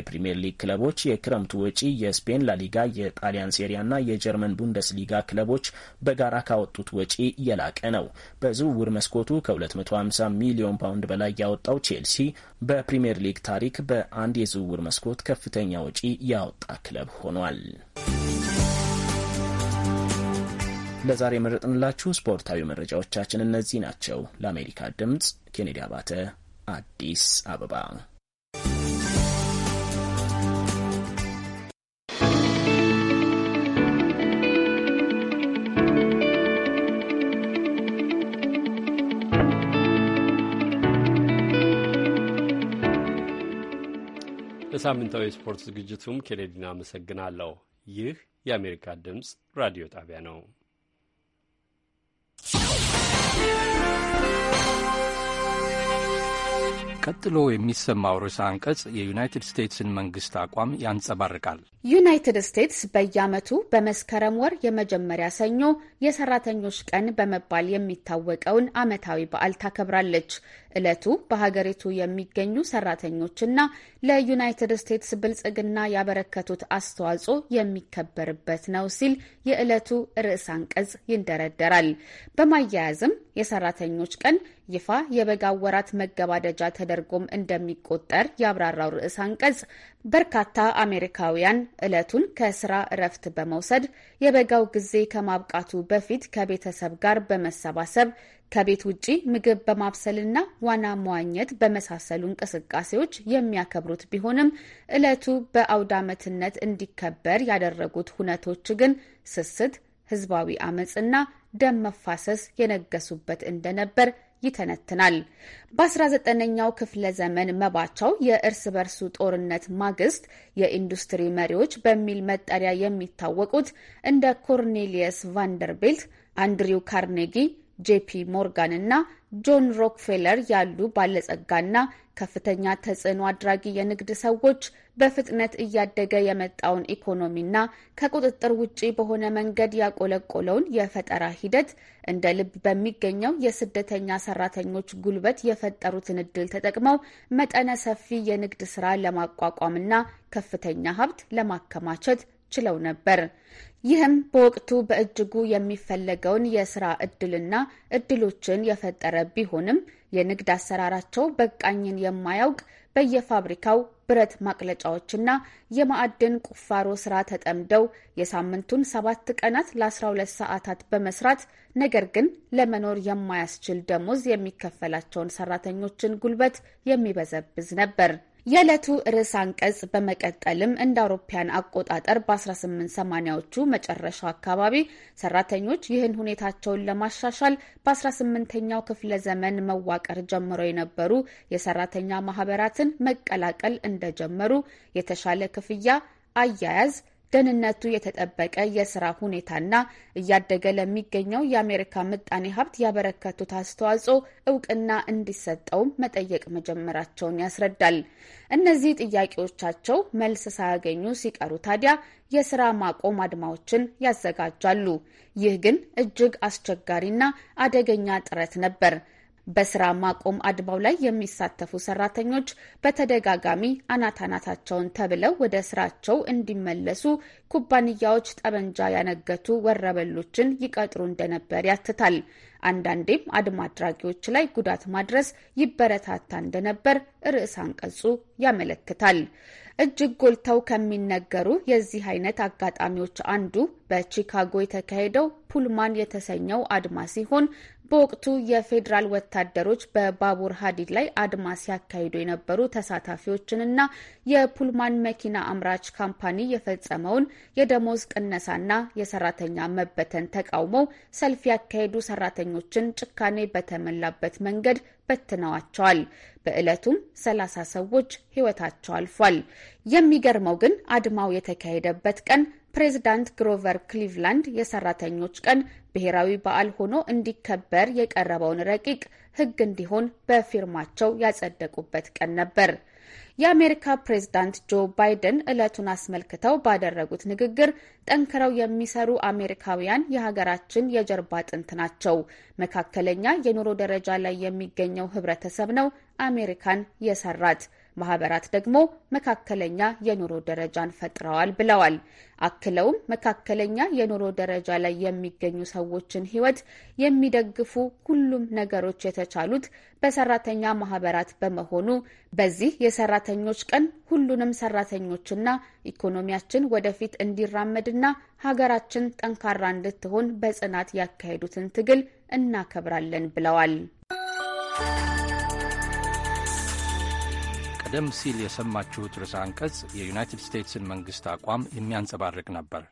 የፕሪምየር ሊግ ክለቦች የክረምቱ ወጪ የስፔን ላሊጋ፣ የጣሊያን ሴሪያና የጀርመን ቡንደስሊጋ ክለቦች በጋራ ካወጡት ወጪ የላቀ ነው። በዝውውር መስኮቱ ከ250 ሚሊዮን ፓውንድ በላይ ያወጣው ቼልሲ በፕሪምየር ሊግ ታሪክ በአንድ የዝውውር መስኮት ከፍተኛ ወጪ ያወጣ ክለብ ሆኗል። ለዛሬ የመረጥንላችሁ ስፖርታዊ መረጃዎቻችን እነዚህ ናቸው። ለአሜሪካ ድምፅ ኬኔዲ አባተ አዲስ አበባ ለሳምንታዊ የስፖርት ዝግጅቱም ኬኔዲን አመሰግናለሁ። ይህ የአሜሪካ ድምፅ ራዲዮ ጣቢያ ነው። ቀጥሎ የሚሰማው ርዕሰ አንቀጽ የዩናይትድ ስቴትስን መንግስት አቋም ያንጸባርቃል። ዩናይትድ ስቴትስ በየዓመቱ በመስከረም ወር የመጀመሪያ ሰኞ የሰራተኞች ቀን በመባል የሚታወቀውን ዓመታዊ በዓል ታከብራለች። ዕለቱ በሀገሪቱ የሚገኙ ሰራተኞችና ለዩናይትድ ስቴትስ ብልጽግና ያበረከቱት አስተዋጽኦ የሚከበርበት ነው ሲል የዕለቱ ርዕስ አንቀጽ ይንደረደራል። በማያያዝም የሰራተኞች ቀን ይፋ የበጋ ወራት መገባደጃ ተደርጎም እንደሚቆጠር ያብራራው ርዕስ አንቀጽ በርካታ አሜሪካውያን ዕለቱን ከስራ እረፍት በመውሰድ የበጋው ጊዜ ከማብቃቱ በፊት ከቤተሰብ ጋር በመሰባሰብ ከቤት ውጪ ምግብ በማብሰልና ዋና መዋኘት በመሳሰሉ እንቅስቃሴዎች የሚያከብሩት ቢሆንም ዕለቱ ዓመትነት እንዲከበር ያደረጉት ሁነቶች ግን ስስት፣ ህዝባዊ አመፅና ደም መፋሰስ የነገሱበት እንደነበር ይተነትናል። በ19ኛው ክፍለ ዘመን መባቻው የእርስ በርሱ ጦርነት ማግስት የኢንዱስትሪ መሪዎች በሚል መጠሪያ የሚታወቁት እንደ ኮርኔሊየስ ቫንደርቤልት አንድሪው ካርኔጊ ጄፒ ሞርጋን እና ጆን ሮክፌለር ያሉ ባለጸጋና ከፍተኛ ተጽዕኖ አድራጊ የንግድ ሰዎች በፍጥነት እያደገ የመጣውን ኢኮኖሚና ከቁጥጥር ውጪ በሆነ መንገድ ያቆለቆለውን የፈጠራ ሂደት እንደ ልብ በሚገኘው የስደተኛ ሰራተኞች ጉልበት የፈጠሩትን እድል ተጠቅመው መጠነ ሰፊ የንግድ ስራ ለማቋቋምና ከፍተኛ ሀብት ለማከማቸት ችለው ነበር። ይህም በወቅቱ በእጅጉ የሚፈለገውን የስራ እድልና እድሎችን የፈጠረ ቢሆንም የንግድ አሰራራቸው በቃኝን የማያውቅ በየፋብሪካው ብረት ማቅለጫዎችና የማዕድን ቁፋሮ ስራ ተጠምደው የሳምንቱን ሰባት ቀናት ለ12 ሰዓታት በመስራት ነገር ግን ለመኖር የማያስችል ደሞዝ የሚከፈላቸውን ሰራተኞችን ጉልበት የሚበዘብዝ ነበር። የዕለቱ ርዕስ አንቀጽ በመቀጠልም እንደ አውሮፓያን አቆጣጠር በ1880ዎቹ መጨረሻው አካባቢ ሰራተኞች ይህን ሁኔታቸውን ለማሻሻል በ18ኛው ክፍለ ዘመን መዋቀር ጀምሮ የነበሩ የሰራተኛ ማህበራትን መቀላቀል እንደጀመሩ የተሻለ ክፍያ አያያዝ ደህንነቱ የተጠበቀ የስራ ሁኔታና እያደገ ለሚገኘው የአሜሪካ ምጣኔ ሀብት ያበረከቱት አስተዋጽኦ እውቅና እንዲሰጠውም መጠየቅ መጀመራቸውን ያስረዳል። እነዚህ ጥያቄዎቻቸው መልስ ሳያገኙ ሲቀሩ ታዲያ የስራ ማቆም አድማዎችን ያዘጋጃሉ። ይህ ግን እጅግ አስቸጋሪና አደገኛ ጥረት ነበር። በስራ ማቆም አድማው ላይ የሚሳተፉ ሰራተኞች በተደጋጋሚ አናታናታቸውን ተብለው ወደ ስራቸው እንዲመለሱ ኩባንያዎች ጠመንጃ ያነገቱ ወረበሎችን ይቀጥሩ እንደነበር ያትታል። አንዳንዴም አድማ አድራጊዎች ላይ ጉዳት ማድረስ ይበረታታ እንደነበር ርዕስ አንቀጹ ያመለክታል። እጅግ ጎልተው ከሚነገሩ የዚህ አይነት አጋጣሚዎች አንዱ በቺካጎ የተካሄደው ፑልማን የተሰኘው አድማ ሲሆን በወቅቱ የፌዴራል ወታደሮች በባቡር ሀዲድ ላይ አድማ ሲያካሂዱ የነበሩ ተሳታፊዎችንና የፑልማን መኪና አምራች ካምፓኒ የፈጸመውን የደሞዝ ቅነሳና የሰራተኛ መበተን ተቃውመው ሰልፍ ያካሄዱ ሰራተኞችን ጭካኔ በተሞላበት መንገድ በትነዋቸዋል። በዕለቱም ሰላሳ ሰዎች ሕይወታቸው አልፏል። የሚገርመው ግን አድማው የተካሄደበት ቀን ፕሬዚዳንት ግሮቨር ክሊቭላንድ የሰራተኞች ቀን ብሔራዊ በዓል ሆኖ እንዲከበር የቀረበውን ረቂቅ ሕግ እንዲሆን በፊርማቸው ያጸደቁበት ቀን ነበር። የአሜሪካ ፕሬዝዳንት ጆ ባይደን ዕለቱን አስመልክተው ባደረጉት ንግግር ጠንክረው የሚሰሩ አሜሪካውያን የሀገራችን የጀርባ አጥንት ናቸው፣ መካከለኛ የኑሮ ደረጃ ላይ የሚገኘው ህብረተሰብ ነው አሜሪካን የሰራት ማህበራት ደግሞ መካከለኛ የኑሮ ደረጃን ፈጥረዋል ብለዋል። አክለውም መካከለኛ የኑሮ ደረጃ ላይ የሚገኙ ሰዎችን ሕይወት የሚደግፉ ሁሉም ነገሮች የተቻሉት በሰራተኛ ማህበራት በመሆኑ በዚህ የሰራተኞች ቀን ሁሉንም ሰራተኞችና ኢኮኖሚያችን ወደፊት እንዲራመድና ሀገራችን ጠንካራ እንድትሆን በጽናት ያካሄዱትን ትግል እናከብራለን ብለዋል። ቀደም ሲል የሰማችሁት ርዕሰ አንቀጽ የዩናይትድ ስቴትስን መንግሥት አቋም የሚያንጸባርቅ ነበር።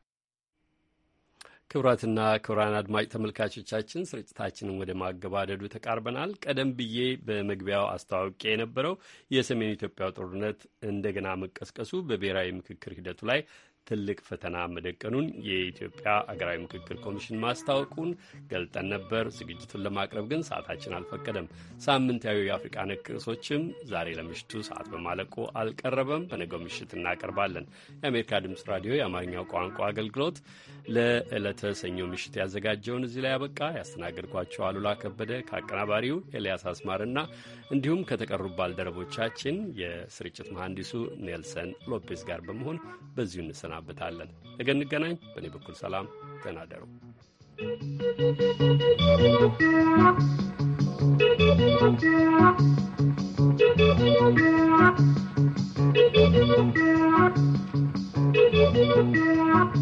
ክቡራትና ክቡራን አድማጭ ተመልካቾቻችን ስርጭታችንን ወደ ማገባደዱ ተቃርበናል። ቀደም ብዬ በመግቢያው አስተዋውቄ የነበረው የሰሜን ኢትዮጵያ ጦርነት እንደገና መቀስቀሱ በብሔራዊ ምክክር ሂደቱ ላይ ትልቅ ፈተና መደቀኑን የኢትዮጵያ አገራዊ ምክክር ኮሚሽን ማስታወቁን ገልጠን ነበር። ዝግጅቱን ለማቅረብ ግን ሰዓታችን አልፈቀደም። ሳምንታዊ የአፍሪቃ ነክ ርዕሶችም ዛሬ ለምሽቱ ሰዓት በማለቁ አልቀረበም። በነገው ምሽት እናቀርባለን። የአሜሪካ ድምፅ ራዲዮ የአማርኛው ቋንቋ አገልግሎት ለዕለተ ሰኞ ምሽት ያዘጋጀውን እዚህ ላይ አበቃ። ያስተናገድኳቸው አሉላ ከበደ ከአቀናባሪው ኤልያስ አስማርና እንዲሁም ከተቀሩ ባልደረቦቻችን የስርጭት መሐንዲሱ ኔልሰን ሎፔዝ ጋር በመሆን በዚሁ እንሰናል እንሰናበታለን። ነገ እንገናኝ። በእኔ በኩል ሰላም፣ ደህና እደሩ።